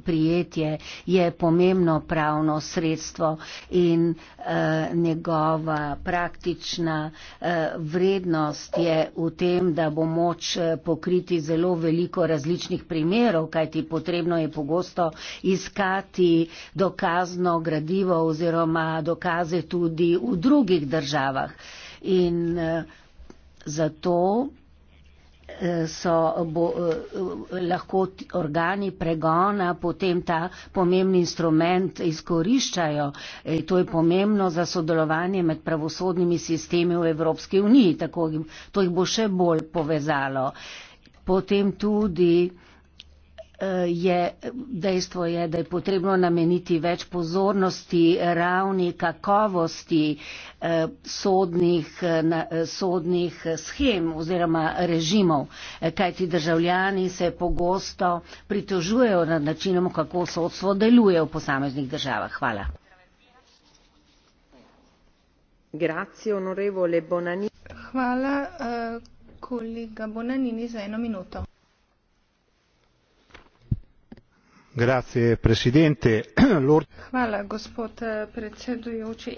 prijetje je pomembno pravno sredstvo in eh, njegova praktična eh, vrednost je v tem, da bo moč eh, pokriti zelo veliko različnih primerov, kajti potrebno je pogosto iskati dokazno gradivo oziroma dokaze tudi v drugih državah. In eh, zato so bo, eh, lahko organi pregona potem ta pomembni instrument izkoriščajo. E, to je pomembno za sodelovanje med pravosodnimi sistemi v Evropski uniji. Tako, to jih bo še bolj povezalo. Potem tudi je, dejstvo je, da je potrebno nameniti več pozornosti ravni kakovosti eh, sodnih, eh, eh, sodnih schem oziroma režimov, kajti državljani se pogosto pritožujejo nad načinom, kako sodstvo deluje v posameznih državah. Hvala. Hvala kolega Bonanini za eno minuto. Eh,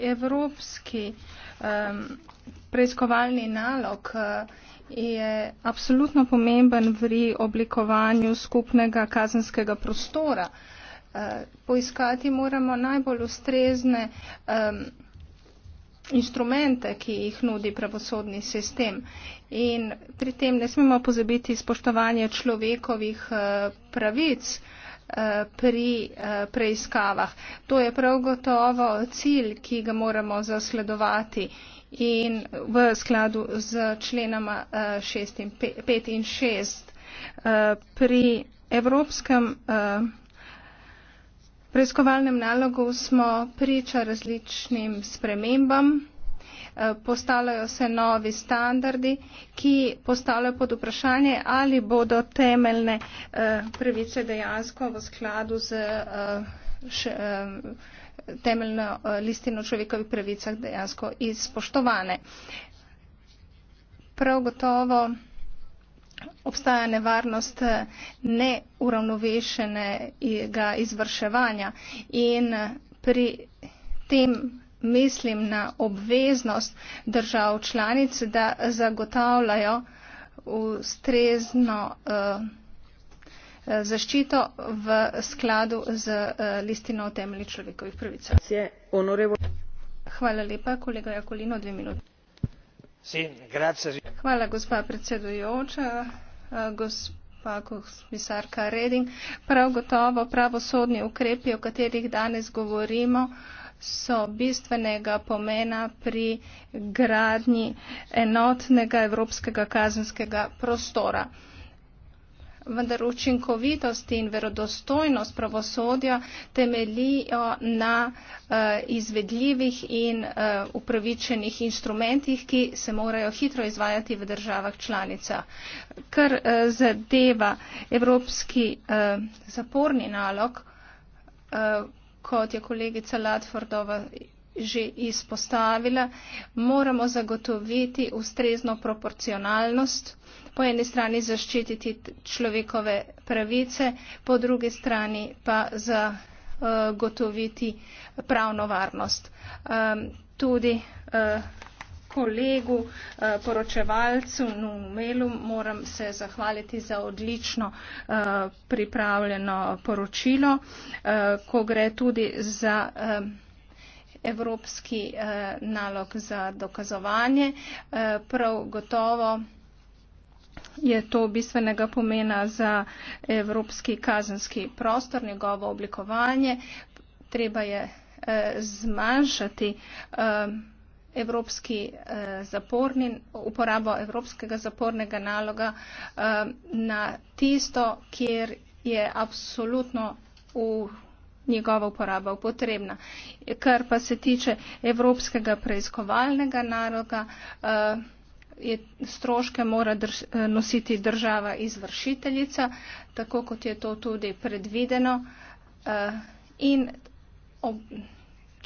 evropski preiskovalni nalog eh, je absolutno pomemben pri oblikovanju skupnega kazenskega prostora. Eh, poiskati moramo najbolj ustrezne um, instrumente, ki jih nudi pravosodni sistem. In pri tem ne smemo pozabiti spoštovanje človekovih uh, pravic. Uh, Eh, pri eh, preiskavah. To je prav gotovo cilj, ki ga moramo zasledovati in v skladu z členama 5 eh, in 6. Pri evropskem preiskovalnem nalogu smo priča različnim spremembam. Eh, postavljajo se novi standardi, ki postavljajo pod vprašanje, ali bodo temeljne eh, pravice dejansko v skladu z eh, temeljno listino človekovih pravicah dejansko izpoštovane. Prav gotovo obstaja nevarnost neuravnovešenega izvrševanja in pri tem mislim na obveznost držav članic, da zagotavljajo ustrezno eh, zaščito v skladu z eh, listino o temelji človekovih pravic. Hvala lepa, kolega Jakolino, dve minuti. Hvala, gospa predsedujoča, eh, gospa komisarka Reding. Prav gotovo pravosodni ukrepi, o katerih danes govorimo, so bistvenega pomena pri gradnji enotnega evropskega kazenskega prostora. Vendar učinkovitost in verodostojnost pravosodja temelijo na uh, izvedljivih in uh, upravičenih instrumentih, ki se morajo hitro izvajati v državah članica. Kar uh, zadeva evropski uh, zaporni nalog, uh, kot je kolegica Latfordova že izpostavila, moramo zagotoviti ustrezno proporcionalnost, po eni strani zaščititi človekove pravice, po drugi strani pa zagotoviti pravno varnost. Ehm, tudi eh, kolegu, eh, poročevalcu Numelu moram se zahvaliti za odlično eh, pripravljeno poročilo, eh, ko gre tudi za evropski nalog za dokazovanje. Prav gotovo je to bistvenega pomena za evropski kazenski prostor, njegovo oblikovanje. Treba je zmanjšati uh, evropski eh, zaporni, uporabo evropskega zapornega naloga eh, na tisto, kjer je absolutno v njegova uporaba potrebna. Kar pa se tiče evropskega preiskovalnega naloga, eh, je, stroške mora drž, eh, nositi država izvršiteljica, tako kot je to tudi predvideno. Eh, in ob,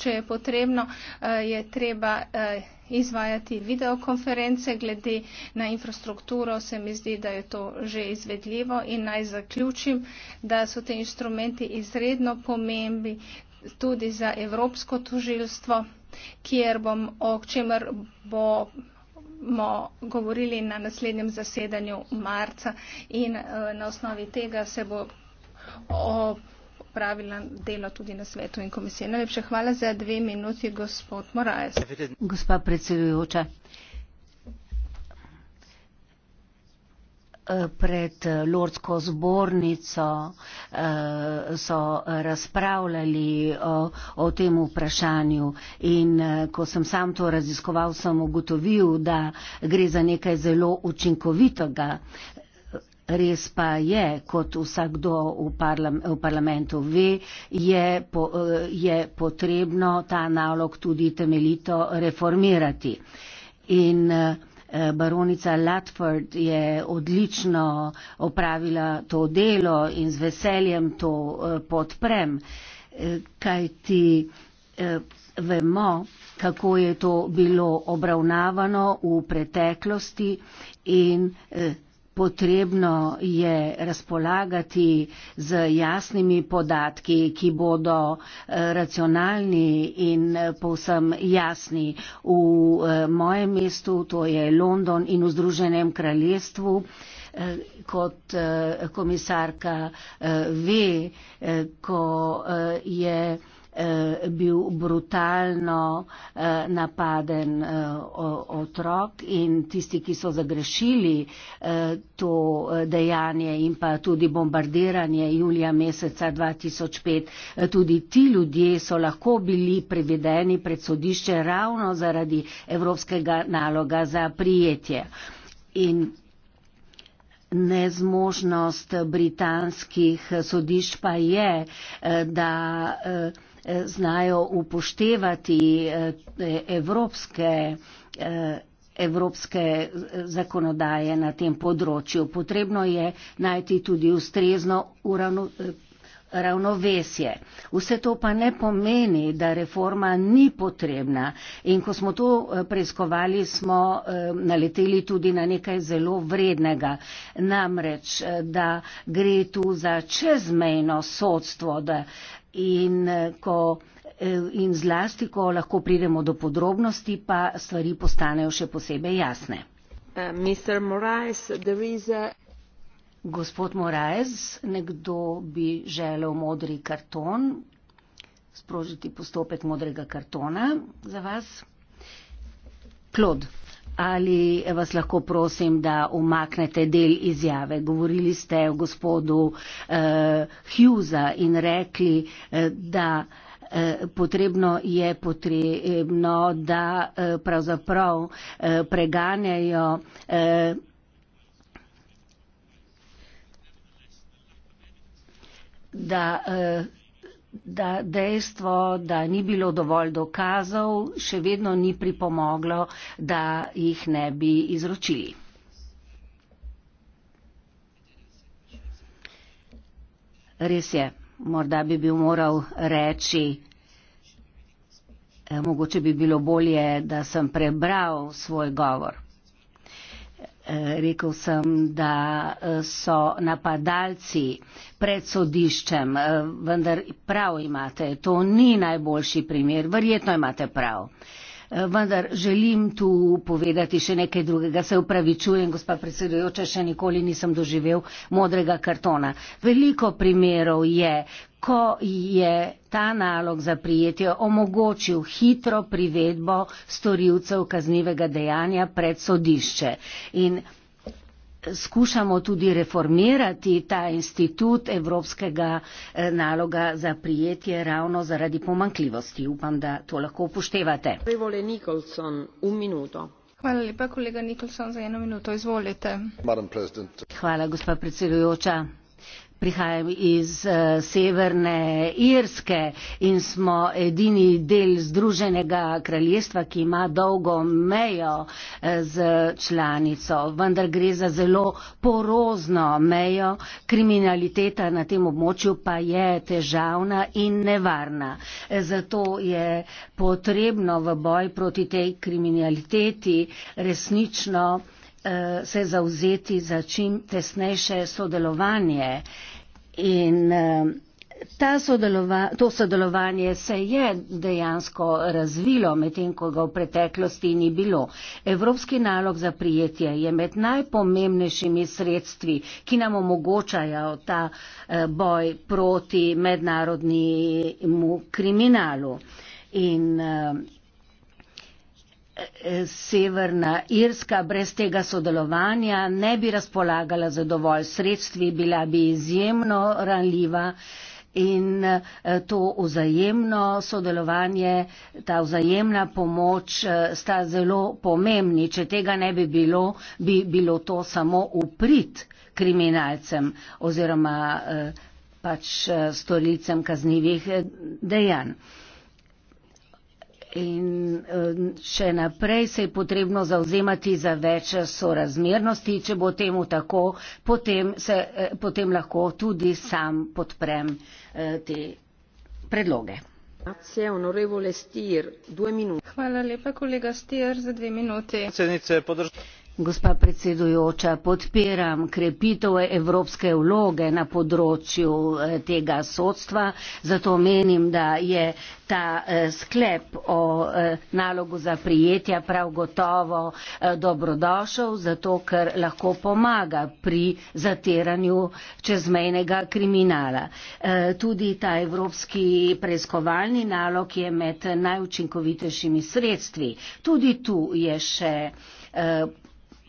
če je potrebno, eh, je treba eh, izvajati videokonference glede na infrastrukturo. Se mi zdi, da je to že izvedljivo in naj zaključim, da so te instrumenti izredno pomembni tudi za evropsko tužilstvo, kjer bom o čemer bo bomo govorili na naslednjem zasedanju marca in eh, na osnovi tega se bo o opravila delo tudi na svetu in komisiji. Najlepša hvala za dve minuti, gospod Moraes. Gospa predsedujoča. Pred Lordsko zbornico eh, so razpravljali o, o tem vprašanju in eh, ko sem sam to raziskoval, sem ugotovil, da gre za nekaj zelo učinkovitega, Res pa je, kot vsakdo v, parlam, v parlamentu ve, je, po, je potrebno ta nalog tudi temeljito reformirati. In eh, baronica Latford je odlično opravila to delo in z veseljem to eh, podprem, eh, kajti vemo, kako je to bilo obravnavano v preteklosti in Potrebno je razpolagati z jasnimi podatki, ki bodo eh, racionalni in eh, povsem jasni. V eh, mojem mestu, to je London in v Združenem kraljestvu, kot komisarka ve, ko je. Eh, bil brutalno eh, napaden eh, otrok in tisti, ki so zagrešili to dejanje in pa tudi bombardiranje julija meseca 2005, tudi ti ljudje so lahko bili privedeni pred sodišče ravno zaradi evropskega naloga za prijetje. In Nezmožnost britanskih sodišč pa je, da Eh, znajo upoštevati eh, evropske, eh, evropske zakonodaje na tem področju. Potrebno je najti tudi ustrezno uravno. Ravnovesje. Vse to pa ne pomeni, da reforma ni potrebna. In ko smo to preiskovali, smo naleteli tudi na nekaj zelo vrednega. Namreč, da gre tu za čezmejno sodstvo, da eh, in, eh, ko, eh, in zlasti, ko lahko pridemo do podrobnosti, pa stvari postanejo še posebej jasne. Uh, Gospod Moraes, nekdo bi želel modri karton, sprožiti postopek modrega kartona za vas. Claude. Ali vas lahko prosim, da umaknete del izjave? Govorili ste o gospodu uh, eh, Hughesa in rekli, uh, da eh, potrebno je potrebno, da pravzaprav preganjajo da da dejstvo, da ni bilo dovolj dokazov, še vedno ni pripomoglo, da jih ne bi izročili. Res je, morda bi bil moral reči, eh, mogoče bi bilo bolje, da sem prebral svoj govor. Eh, rekel sem, da eh, so napadalci pred sodiščem, eh, vendar prav imate, to ni najboljši primer, verjetno imate prav. Vendar želim tu povedati še nekaj drugega. Se upravičujem, gospa predsedujoča, še nikoli nisem doživel modrega kartona. Veliko primerov je, ko je ta nalog za prijetje omogočil hitro privedbo storilcev kaznivega dejanja pred sodišče. In skušamo tudi reformirati ta institut evropskega eh, naloga za prijetje ravno zaradi pomankljivosti. Upam, da to lahko upoštevate. Hvala lepa, kolega Nicholson, za eno minuto. Izvolite. Hvala, gospa predsedujoča prihajam iz uh, severne Irske in smo edini del Združenega kraljestva, ki ima dolgo mejo uh, z članico. Vendar gre za zelo porozno mejo, kriminaliteta na tem območju pa je težavna in nevarna. Eh, zato je potrebno v boj proti tej kriminaliteti resnično uh, Eh, se zauzeti za čim tesnejše sodelovanje. In eh, sodelova, to sodelovanje se je dejansko razvilo, medtem ko ga v preteklosti ni bilo. Evropski nalog za prijetje je med najpomembnejšimi sredstvi, ki nam omogočajo ta eh, boj proti mednarodnemu kriminalu. In Eh, Severna Irska brez tega sodelovanja ne bi razpolagala za dovolj sredstvi, bila bi izjemno ranljiva in eh, to vzajemno sodelovanje, ta vzajemna pomoč eh, sta zelo pomembni. Če tega ne bi bilo, bi bilo to samo uprit kriminalcem oziroma pač storilcem kaznivih dejanj in eh, še naprej se je potrebno zauzemati za več sorazmernosti. Če bo temu tako, potem, se, eh, potem lahko tudi sam podprem eh, te predloge. Hvala lepa, kolega Stier, za dve minuti. Gospa predsedujoča, podpiram krepitev evropske vloge na področju eh, tega sodstva, zato menim, da je ta eh, sklep o eh, nalogu za prijetja prav gotovo dobrodošel, zato ker lahko pomaga pri zatiranju čezmejnega kriminala. Tudi ta evropski preiskovalni nalog je med najučinkovitejšimi sredstvi. Tudi tu je še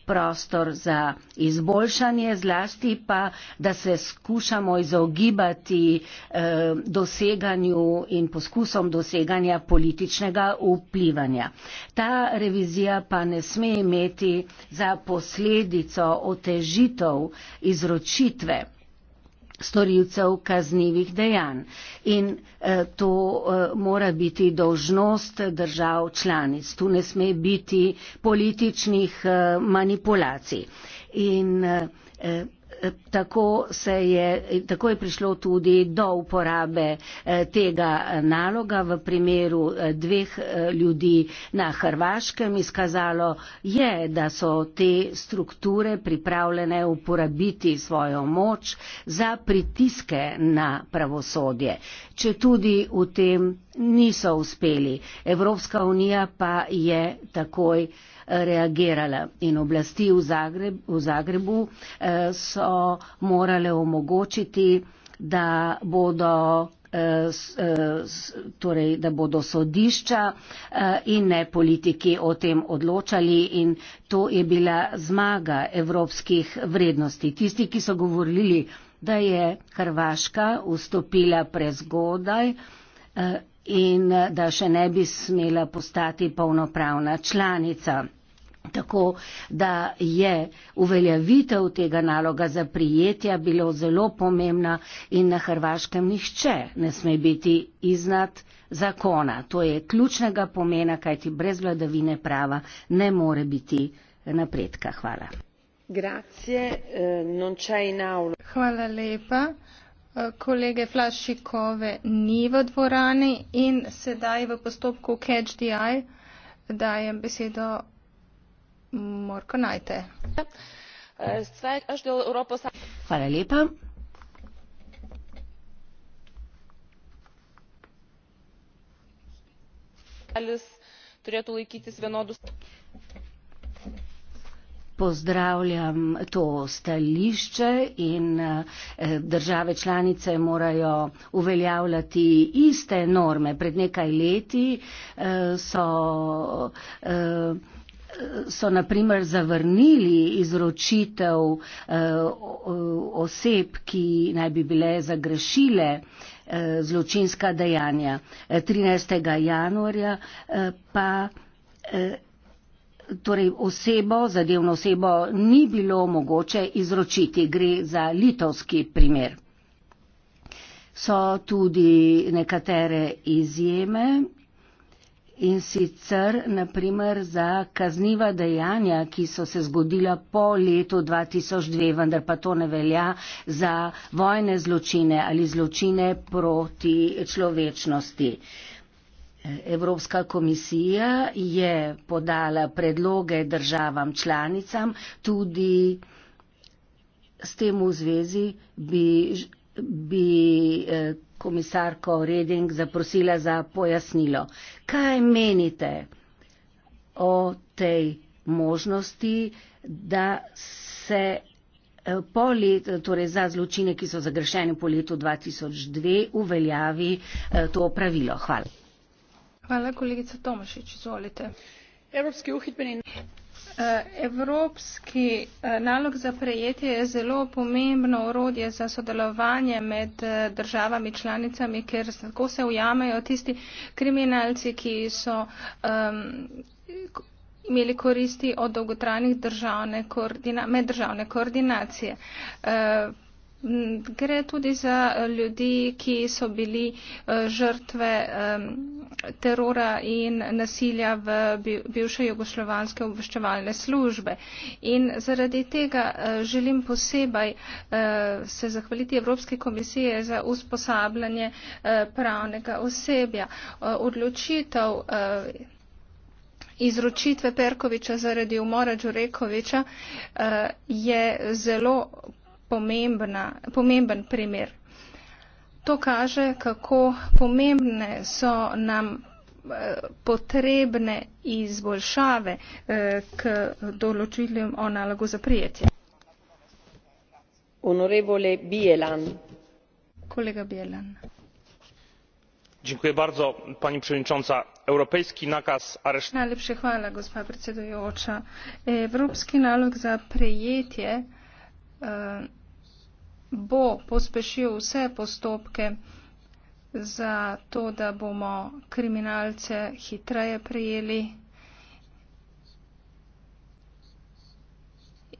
prostor za izboljšanje, zlasti pa, da se skušamo izogibati eh, doseganju in poskusom doseganja političnega vplivanja. Ta revizija pa ne sme imeti za posledico otežitev izročitve storilcev kaznjivih dejanj. In eh, to eh, mora biti dožnost držav članic. Tu ne sme biti političnih eh, manipulacij. In, eh, tako, se je, tako je prišlo tudi do uporabe eh, tega eh, naloga v primeru eh, dveh ljudi na Hrvaškem. Izkazalo je, da so te strukture pripravljene uporabiti svojo moč za pritiske na pravosodje. Če tudi v tem niso uspeli, Evropska unija pa je takoj reagirale. In oblasti v, Zagreb, v Zagrebu eh, so morale omogočiti, da bodo eh, eh, torej, da bodo sodišča in ne politiki o tem odločali in to je bila zmaga evropskih vrednosti. Tisti, ki so govorili, da je Hrvaška vstopila prezgodaj in da še ne bi smela postati polnopravna članica. Tako da je uveljavitev tega naloga za prijetja bilo zelo pomembna in na Hrvaškem nihče ne sme biti iznad zakona. To je ključnega pomena, kajti brez vladavine prava ne more biti napredka. Hvala. Grazie, eh, non c'è in aula. Hvala lepa. Eh, kolege Flašikove ni v dvorani in sedaj v postopku Catch the Eye dajem besedo pozdravljam to stališče in eh, države članice morajo uveljavljati iste norme pred nekaj leti eh, so eh, so naprimer zavrnili izročitev eh, oseb, ki naj bi bile zagrešile eh, zločinska dejanja. 13. Eh, januarja pa torej osebo, zadevno osebo ni bilo mogoče izročiti. Gre za litovski primer. So tudi nekatere izjeme, in sicer naprimer za kazniva dejanja, ki so se zgodila po letu 2002, vendar pa to ne velja za vojne zločine ali zločine proti človečnosti. Evropska komisija je podala predloge državam članicam, tudi s tem v zvezi bi, bi eh, komisarko Reding zaprosila za pojasnilo. Kaj menite o tej možnosti, da se eh, po let, torej za zločine, ki so zagrešeni po letu 2002, uveljavi eh, to pravilo? Hvala. Hvala, kolegica Tomašič, izvolite. Evropski uhitbeni. Eh, evropski eh, nalog za prejetje je zelo pomembno orodje za sodelovanje med eh, državami članicami, ker tako se ujamejo tisti kriminalci, ki so um, imeli koristi od dolgotranih državne koordina, meddržavne koordinacije. Uh, Gre tudi za ljudi, ki so bili žrtve terora in nasilja v bivše jugoslovanske obveščevalne službe. In zaradi tega eh, želim posebej eh, se zahvaliti Evropske komisije za usposabljanje eh, pravnega osebja. Odločitev izročitve Perkoviča zaradi umora Đurekoviča je zelo pomembna, pomemben primer to kaže, kako pomembne so nam eh, potrebne izboljšave eh, k določilim o nalogu za prijetje. Honorable Bielan. Kolega Bielan. Dziękuję bardzo, pani przewodnicząca. Europejski nakaz aresztu. Najlepsze chwała, gospa przewodnicząca. Europejski nalog za przyjęcie. E, eh, bo pospešil vse postopke za to, da bomo kriminalce hitreje prijeli.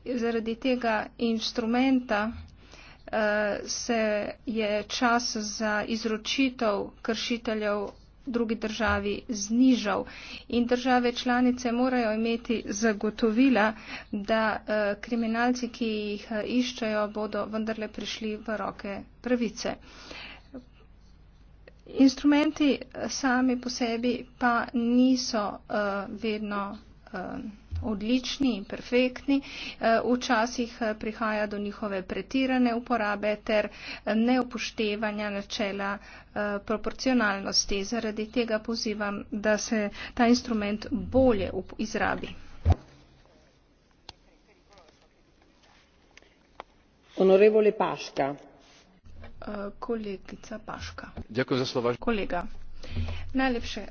Zaradi tega instrumenta eh, se je čas za izročitev kršiteljev drugi državi znižal. In države članice morajo imeti zagotovila, da eh, kriminalci, ki jih eh, iščejo, bodo vendarle prišli v roke pravice. Instrumenti eh, sami po sebi pa niso uh, vedno uh, odlični in perfektni, eh, včasih eh, prihaja do njihove pretirane uporabe ter eh, neupoštevanja načela proporcionalnosti. Zaradi tega pozivam, da se ta instrument bolje izrabi. Honorevole Paška. Kolegica Paška. Ďakujem za slovo. Kolega. Najlepše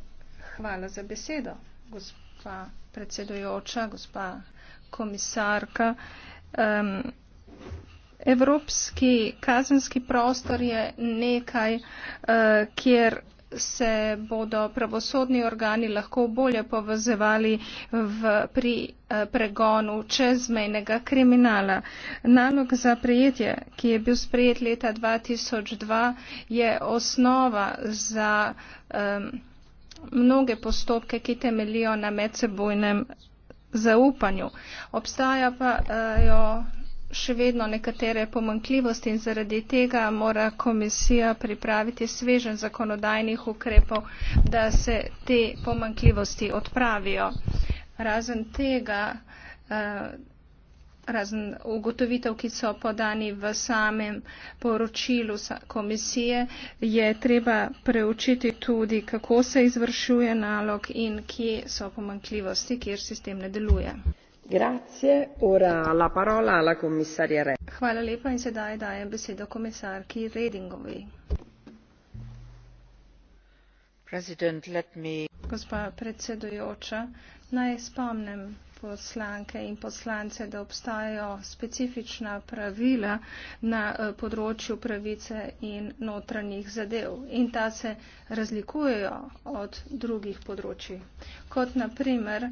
hvala za besedo, gospod gospa predsedujoča, gospa komisarka. Um, Evropski kazenski prostor je nekaj, uh, kjer se bodo pravosodni organi lahko bolje povezevali v, pri uh, pregonu čezmejnega kriminala. Nalog za prijetje, ki je bil sprejet leta 2002, je osnova za. Um, mnoge postopke, ki temelijo na medsebojnem zaupanju. Obstaja pa jo še vedno nekatere pomankljivosti in zaradi tega mora komisija pripraviti svežen zakonodajnih ukrepov, da se te pomankljivosti odpravijo. Razen tega, eh, razen ugotovitev, ki so podani v samem poročilu komisije, je treba preučiti tudi, kako se izvršuje nalog in kje so pomankljivosti, kjer sistem ne deluje. Grazie, ora la parola alla commissaria Re. Hvala lepa in sedaj dajem besedo komisarki Redingovi. President, let me... Gospa predsedujoča, naj spomnem poslanke in poslance, da obstajajo specifična pravila na eh, področju pravice in notranjih zadev in ta se razlikujejo od drugih področji. Kot naprimer,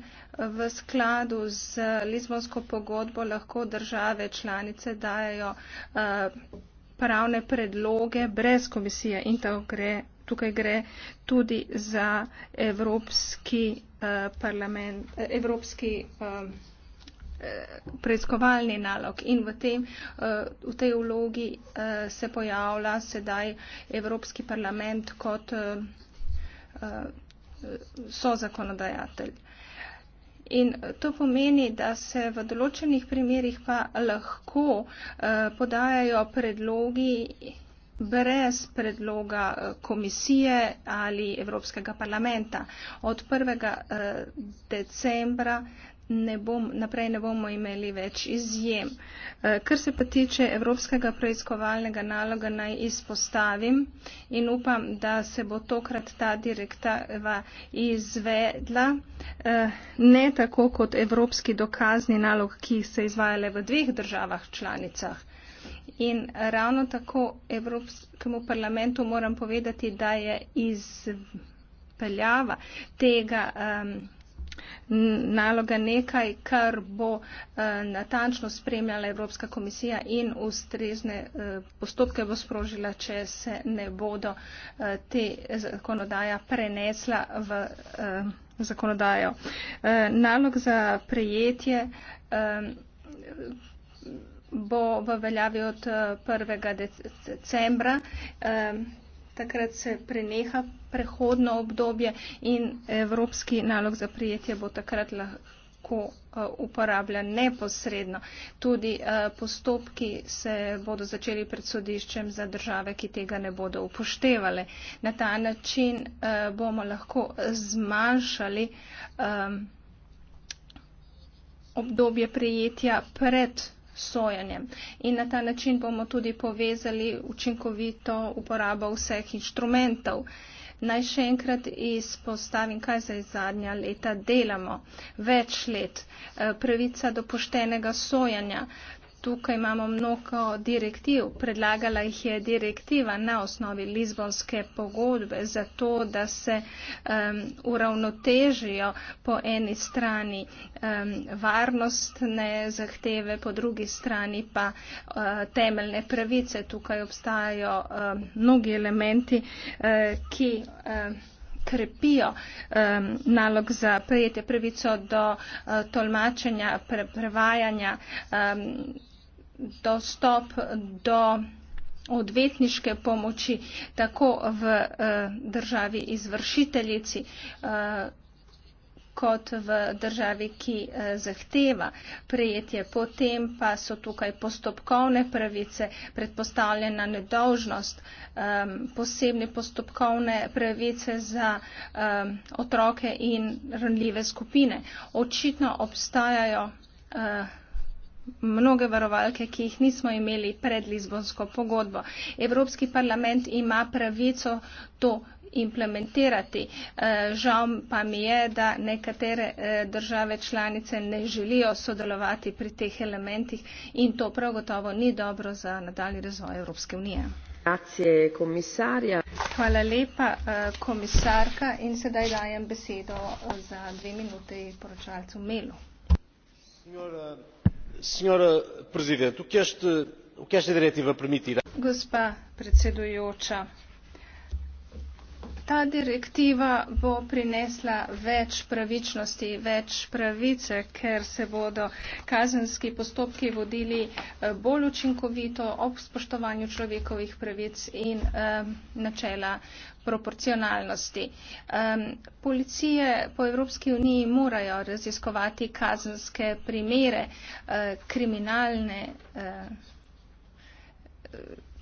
v skladu z Lizbonsko pogodbo lahko države članice dajo eh, pravne predloge brez komisije in to gre tukaj gre tudi za Evropski, eh, eh evropski eh, eh, preiskovalni nalog in v, tem, eh, v tej vlogi eh, se pojavlja sedaj Evropski parlament kot eh, eh so zakonodajatelj. In to pomeni, da se v določenih primerjih pa lahko eh, podajajo predlogi brez predloga eh, komisije ali Evropskega parlamenta. Od 1. Eh, decembra ne bom, naprej ne bomo imeli več izjem. Eh, kar se pa tiče Evropskega preiskovalnega naloga, naj izpostavim in upam, da se bo tokrat ta direktiva izvedla, ne tako kot Evropski dokazni nalog, ki se izvajale v dveh državah članicah in ravno tako Evropskemu parlamentu moram povedati, da je izpeljava tega um, naloga nekaj, kar bo uh, natančno spremljala Evropska komisija in ustrezne uh, postopke bo sprožila, če se ne bodo uh, te zakonodaja prenesla v uh, zakonodajo. Uh, nalog za prejetje. Uh, bo v veljavi od 1. Eh, decembra. Ehm, takrat se preneha prehodno obdobje in evropski nalog za prijetje bo takrat lahko eh, uporablja neposredno. Tudi eh, postopki se bodo začeli pred sodiščem za države, ki tega ne bodo upoštevale. Na ta način bomo lahko zmanjšali ehm, obdobje prijetja pred sojanjem. In na ta način bomo tudi povezali učinkovito uporabo vseh inštrumentov. Naj še enkrat izpostavim, kaj zdaj zadnja leta delamo. Več let. Eh, pravica do poštenega sojanja tukaj imamo mnogo direktiv. Predlagala jih je direktiva na osnovi Lizbonske pogodbe za to, da se um, uravnotežijo po eni strani um, varnostne zahteve, po drugi strani pa uh, temeljne pravice. Tukaj obstajajo um, mnogi elementi, uh, ki. Uh, krepijo um, nalog za prejete pravico do uh, tolmačenja, pre, prevajanja. Um, dostop do odvetniške pomoči tako v eh, državi izvršiteljici eh, kot v državi, ki eh, zahteva prejetje. Potem pa so tukaj postopkovne pravice, predpostavljena nedolžnost, posebne postopkovne pravice za otroke in rnljive skupine. Očitno obstajajo mnoge varovalke, ki jih nismo imeli pred Lizbonsko pogodbo. Evropski parlament ima pravico to implementirati. Eh, žal pa mi je, da nekatere eh, države članice ne želijo sodelovati pri teh elementih in to prav gotovo ni dobro za nadaljni razvoj Evropske unije. Hvala lepa, eh, komisarka, in sedaj dajem besedo za dve minuti poročalcu Melu. Signora gospa predsedujoča v evropskem parlamentu smo že večkrat slišali da je evropska unija ta direktiva bo prinesla več pravičnosti, več pravice, ker se bodo kazenski postopki vodili eh, bolj učinkovito ob spoštovanju človekovih pravic in um, načela proporcionalnosti. Um, policije po Evropski uniji morajo raziskovati kazenske primere uh, kriminalne. Uh,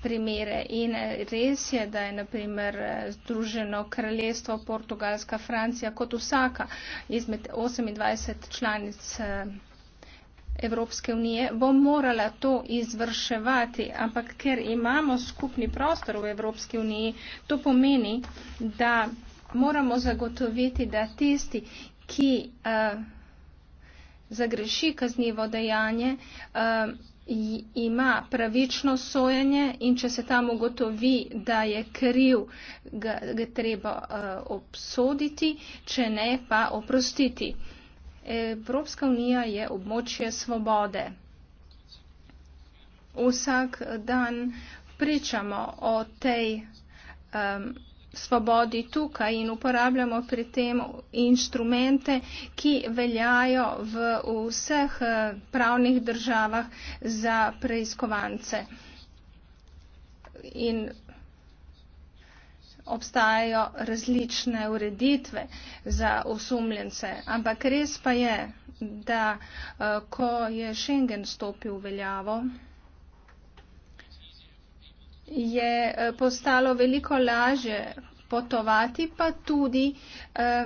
primere. In eh, res je, da je naprimer eh, Združeno kraljestvo, Portugalska, Francija, kot vsaka izmed 28 članic eh, Evropske unije, bo morala to izvrševati, ampak ker imamo skupni prostor v Evropski uniji, to pomeni, da moramo zagotoviti, da tisti, ki uh, zagreši kaznivo dejanje, uh, ima pravično sojenje in če se tam ugotovi, da je kriv, ga, ga treba uh, obsoditi, če ne pa oprostiti. Evropska unija je območje svobode. Vsak dan pričamo o tej um, svobodi tukaj in uporabljamo pri tem inštrumente, ki veljajo v vseh eh, pravnih državah za preiskovance. In obstajajo različne ureditve za osumljence, ampak res pa je, da eh, ko je Schengen stopil v veljavo, je eh, postalo veliko laže potovati, pa tudi eh,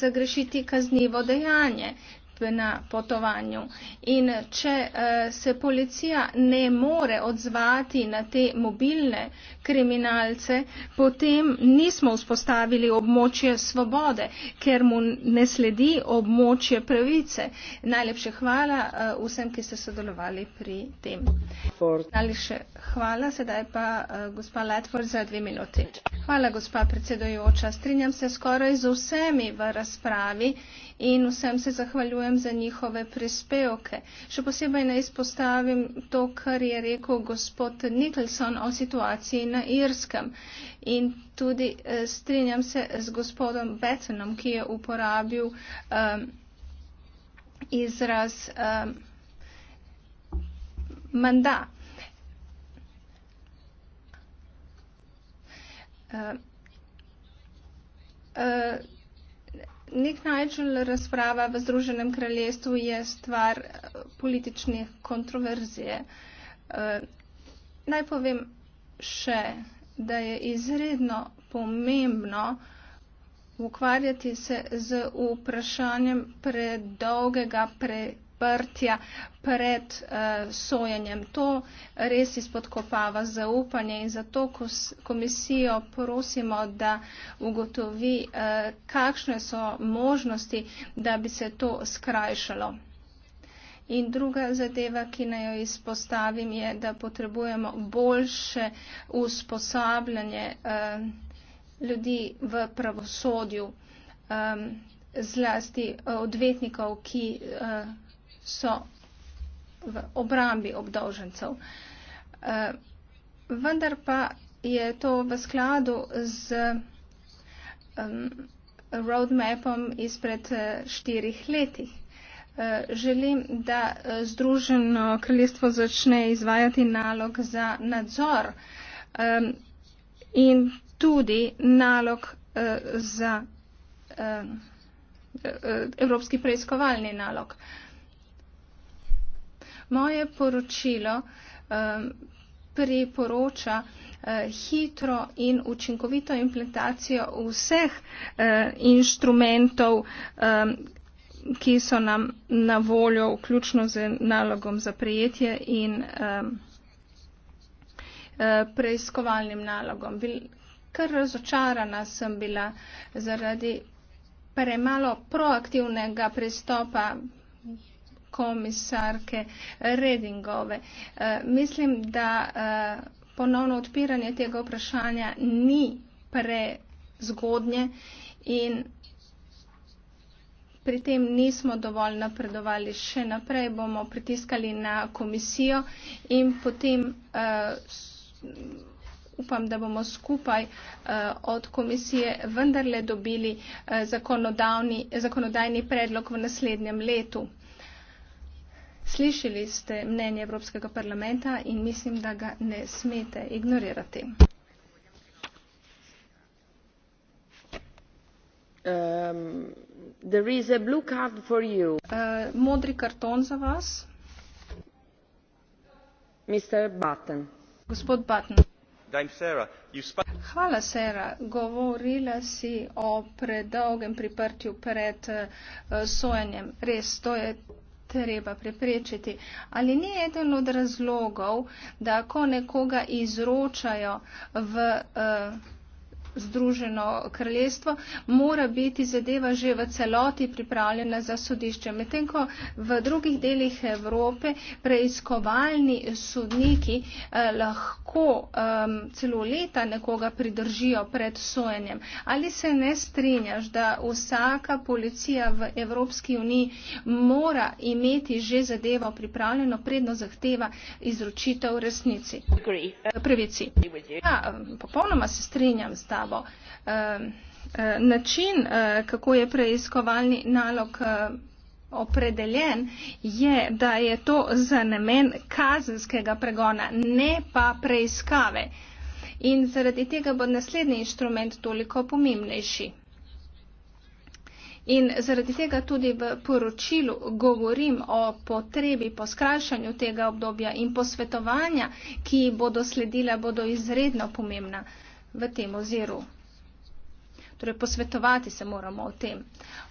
zagrešiti kaznivo dejanje na potovanju. In če eh, se policija ne more odzvati na te mobilne kriminalce, potem nismo vzpostavili območje svobode, ker mu ne sledi območje pravice. Najlepše hvala eh, vsem, ki ste sodelovali pri tem. Najlepše hvala, sedaj pa eh, gospa Letford za dve minuti. Hvala, gospa predsedojoča. Strinjam se skoraj z vsemi v razpravi in vsem se zahvaljujem za njihove prispevke. Še posebej naj izpostavim to, kar je rekel gospod Nicholson o situaciji na Irskem. In tudi eh, strinjam se z gospodom Bettenom, ki je uporabil eh, izraz eh, manda. Eh, eh, Nek način razprava v Združenem kraljestvu je stvar eh, politične kontroverzije. Eh, naj povem še, da je izredno pomembno ukvarjati se z vprašanjem predolgega preteklosti odprtja pred uh, sojenjem. To res izpodkopava zaupanje in zato komisijo prosimo, da ugotovi, uh, kakšne so možnosti, da bi se to skrajšalo. In druga zadeva, ki naj jo izpostavim, je, da potrebujemo boljše usposabljanje uh, ljudi v pravosodju, um, zlasti odvetnikov, ki. Uh, so v obrambi obdolžencev. Eh, vendar pa je to v skladu z roadmapom izpred eh, štirih letih. Eh, želim, da Združeno kraljestvo začne izvajati nalog za nadzor in tudi nalog za evropski preiskovalni nalog. Moje poročilo ehm, priporoča eh, hitro in učinkovito implementacijo vseh eh, inštrumentov, ehm, ki so nam na voljo, vključno z nalogom za prijetje in ehm, eh, preiskovalnim nalogom. Kar razočarana sem bila zaradi premalo proaktivnega pristopa komisarke Redingove. E, mislim, da e, ponovno odpiranje tega vprašanja ni prezgodnje in pri tem nismo dovolj napredovali. Še naprej bomo pritiskali na komisijo in potem. E, Upam, da bomo skupaj uh, od komisije vendarle dobili uh, zakonodajni predlog v naslednjem letu. Slišali ste mnenje Evropskega parlamenta in mislim, da ga ne smete ignorirati. Um, there is a blue card for you. Uh, modri karton za vas. Mr. Button. Gospod Button. Sarah. You Hvala, Sara. Govorila si o predolgem priprtju pred uh, sojenjem. Res, to je treba preprečiti. Ali ni eden od razlogov, da ko nekoga izročajo v. Uh, Združeno kraljestvo, mora biti zadeva že v celoti pripravljena za sodišče. Medtem ko v drugih delih Evrope preiskovalni sodniki eh, lahko eh, celo leta nekoga pridržijo pred sojenjem. Ali se ne strinjaš, da vsaka policija v Evropski uniji mora imeti že zadevo pripravljeno, predno zahteva izročitev resnici? Ja, popolnoma se strinjam z ta izjavo. Ehm, eh, način, eh, kako je preiskovalni nalog eh, opredeljen, je, da je to za namen kazenskega pregona, ne pa preiskave. In zaradi tega bo naslednji inštrument toliko pomembnejši. In zaradi tega tudi v poročilu govorim o potrebi po skrajšanju tega obdobja in posvetovanja, ki bodo sledila, bodo izredno pomembna v tem oziru. Torej, posvetovati se moramo o tem.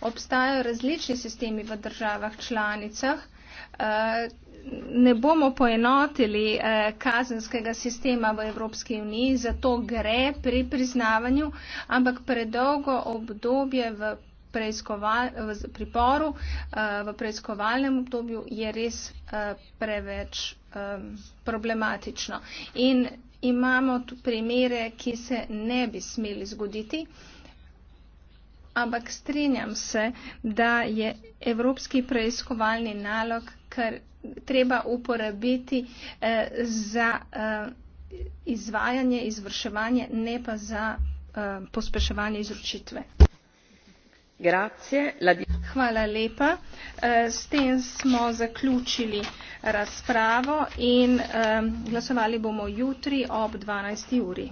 Obstajajo različni sistemi v državah članicah. Eh, ne bomo poenotili eh, kazenskega sistema v Evropski uniji, zato gre pri priznavanju, ampak predolgo obdobje v v priporu eh, v preiskovalnem obdobju je res preveč problematično. In imamo tu primere, ki se ne bi smeli zgoditi, ampak strinjam se, da je evropski preiskovalni nalog, kar treba uporabiti eh, za eh, izvajanje, izvrševanje, ne pa za eh, pospeševanje izročitve. Eh, s tem smo zaključili razpravo in eh, glasovali bomo jutri ob dvanajsti uri.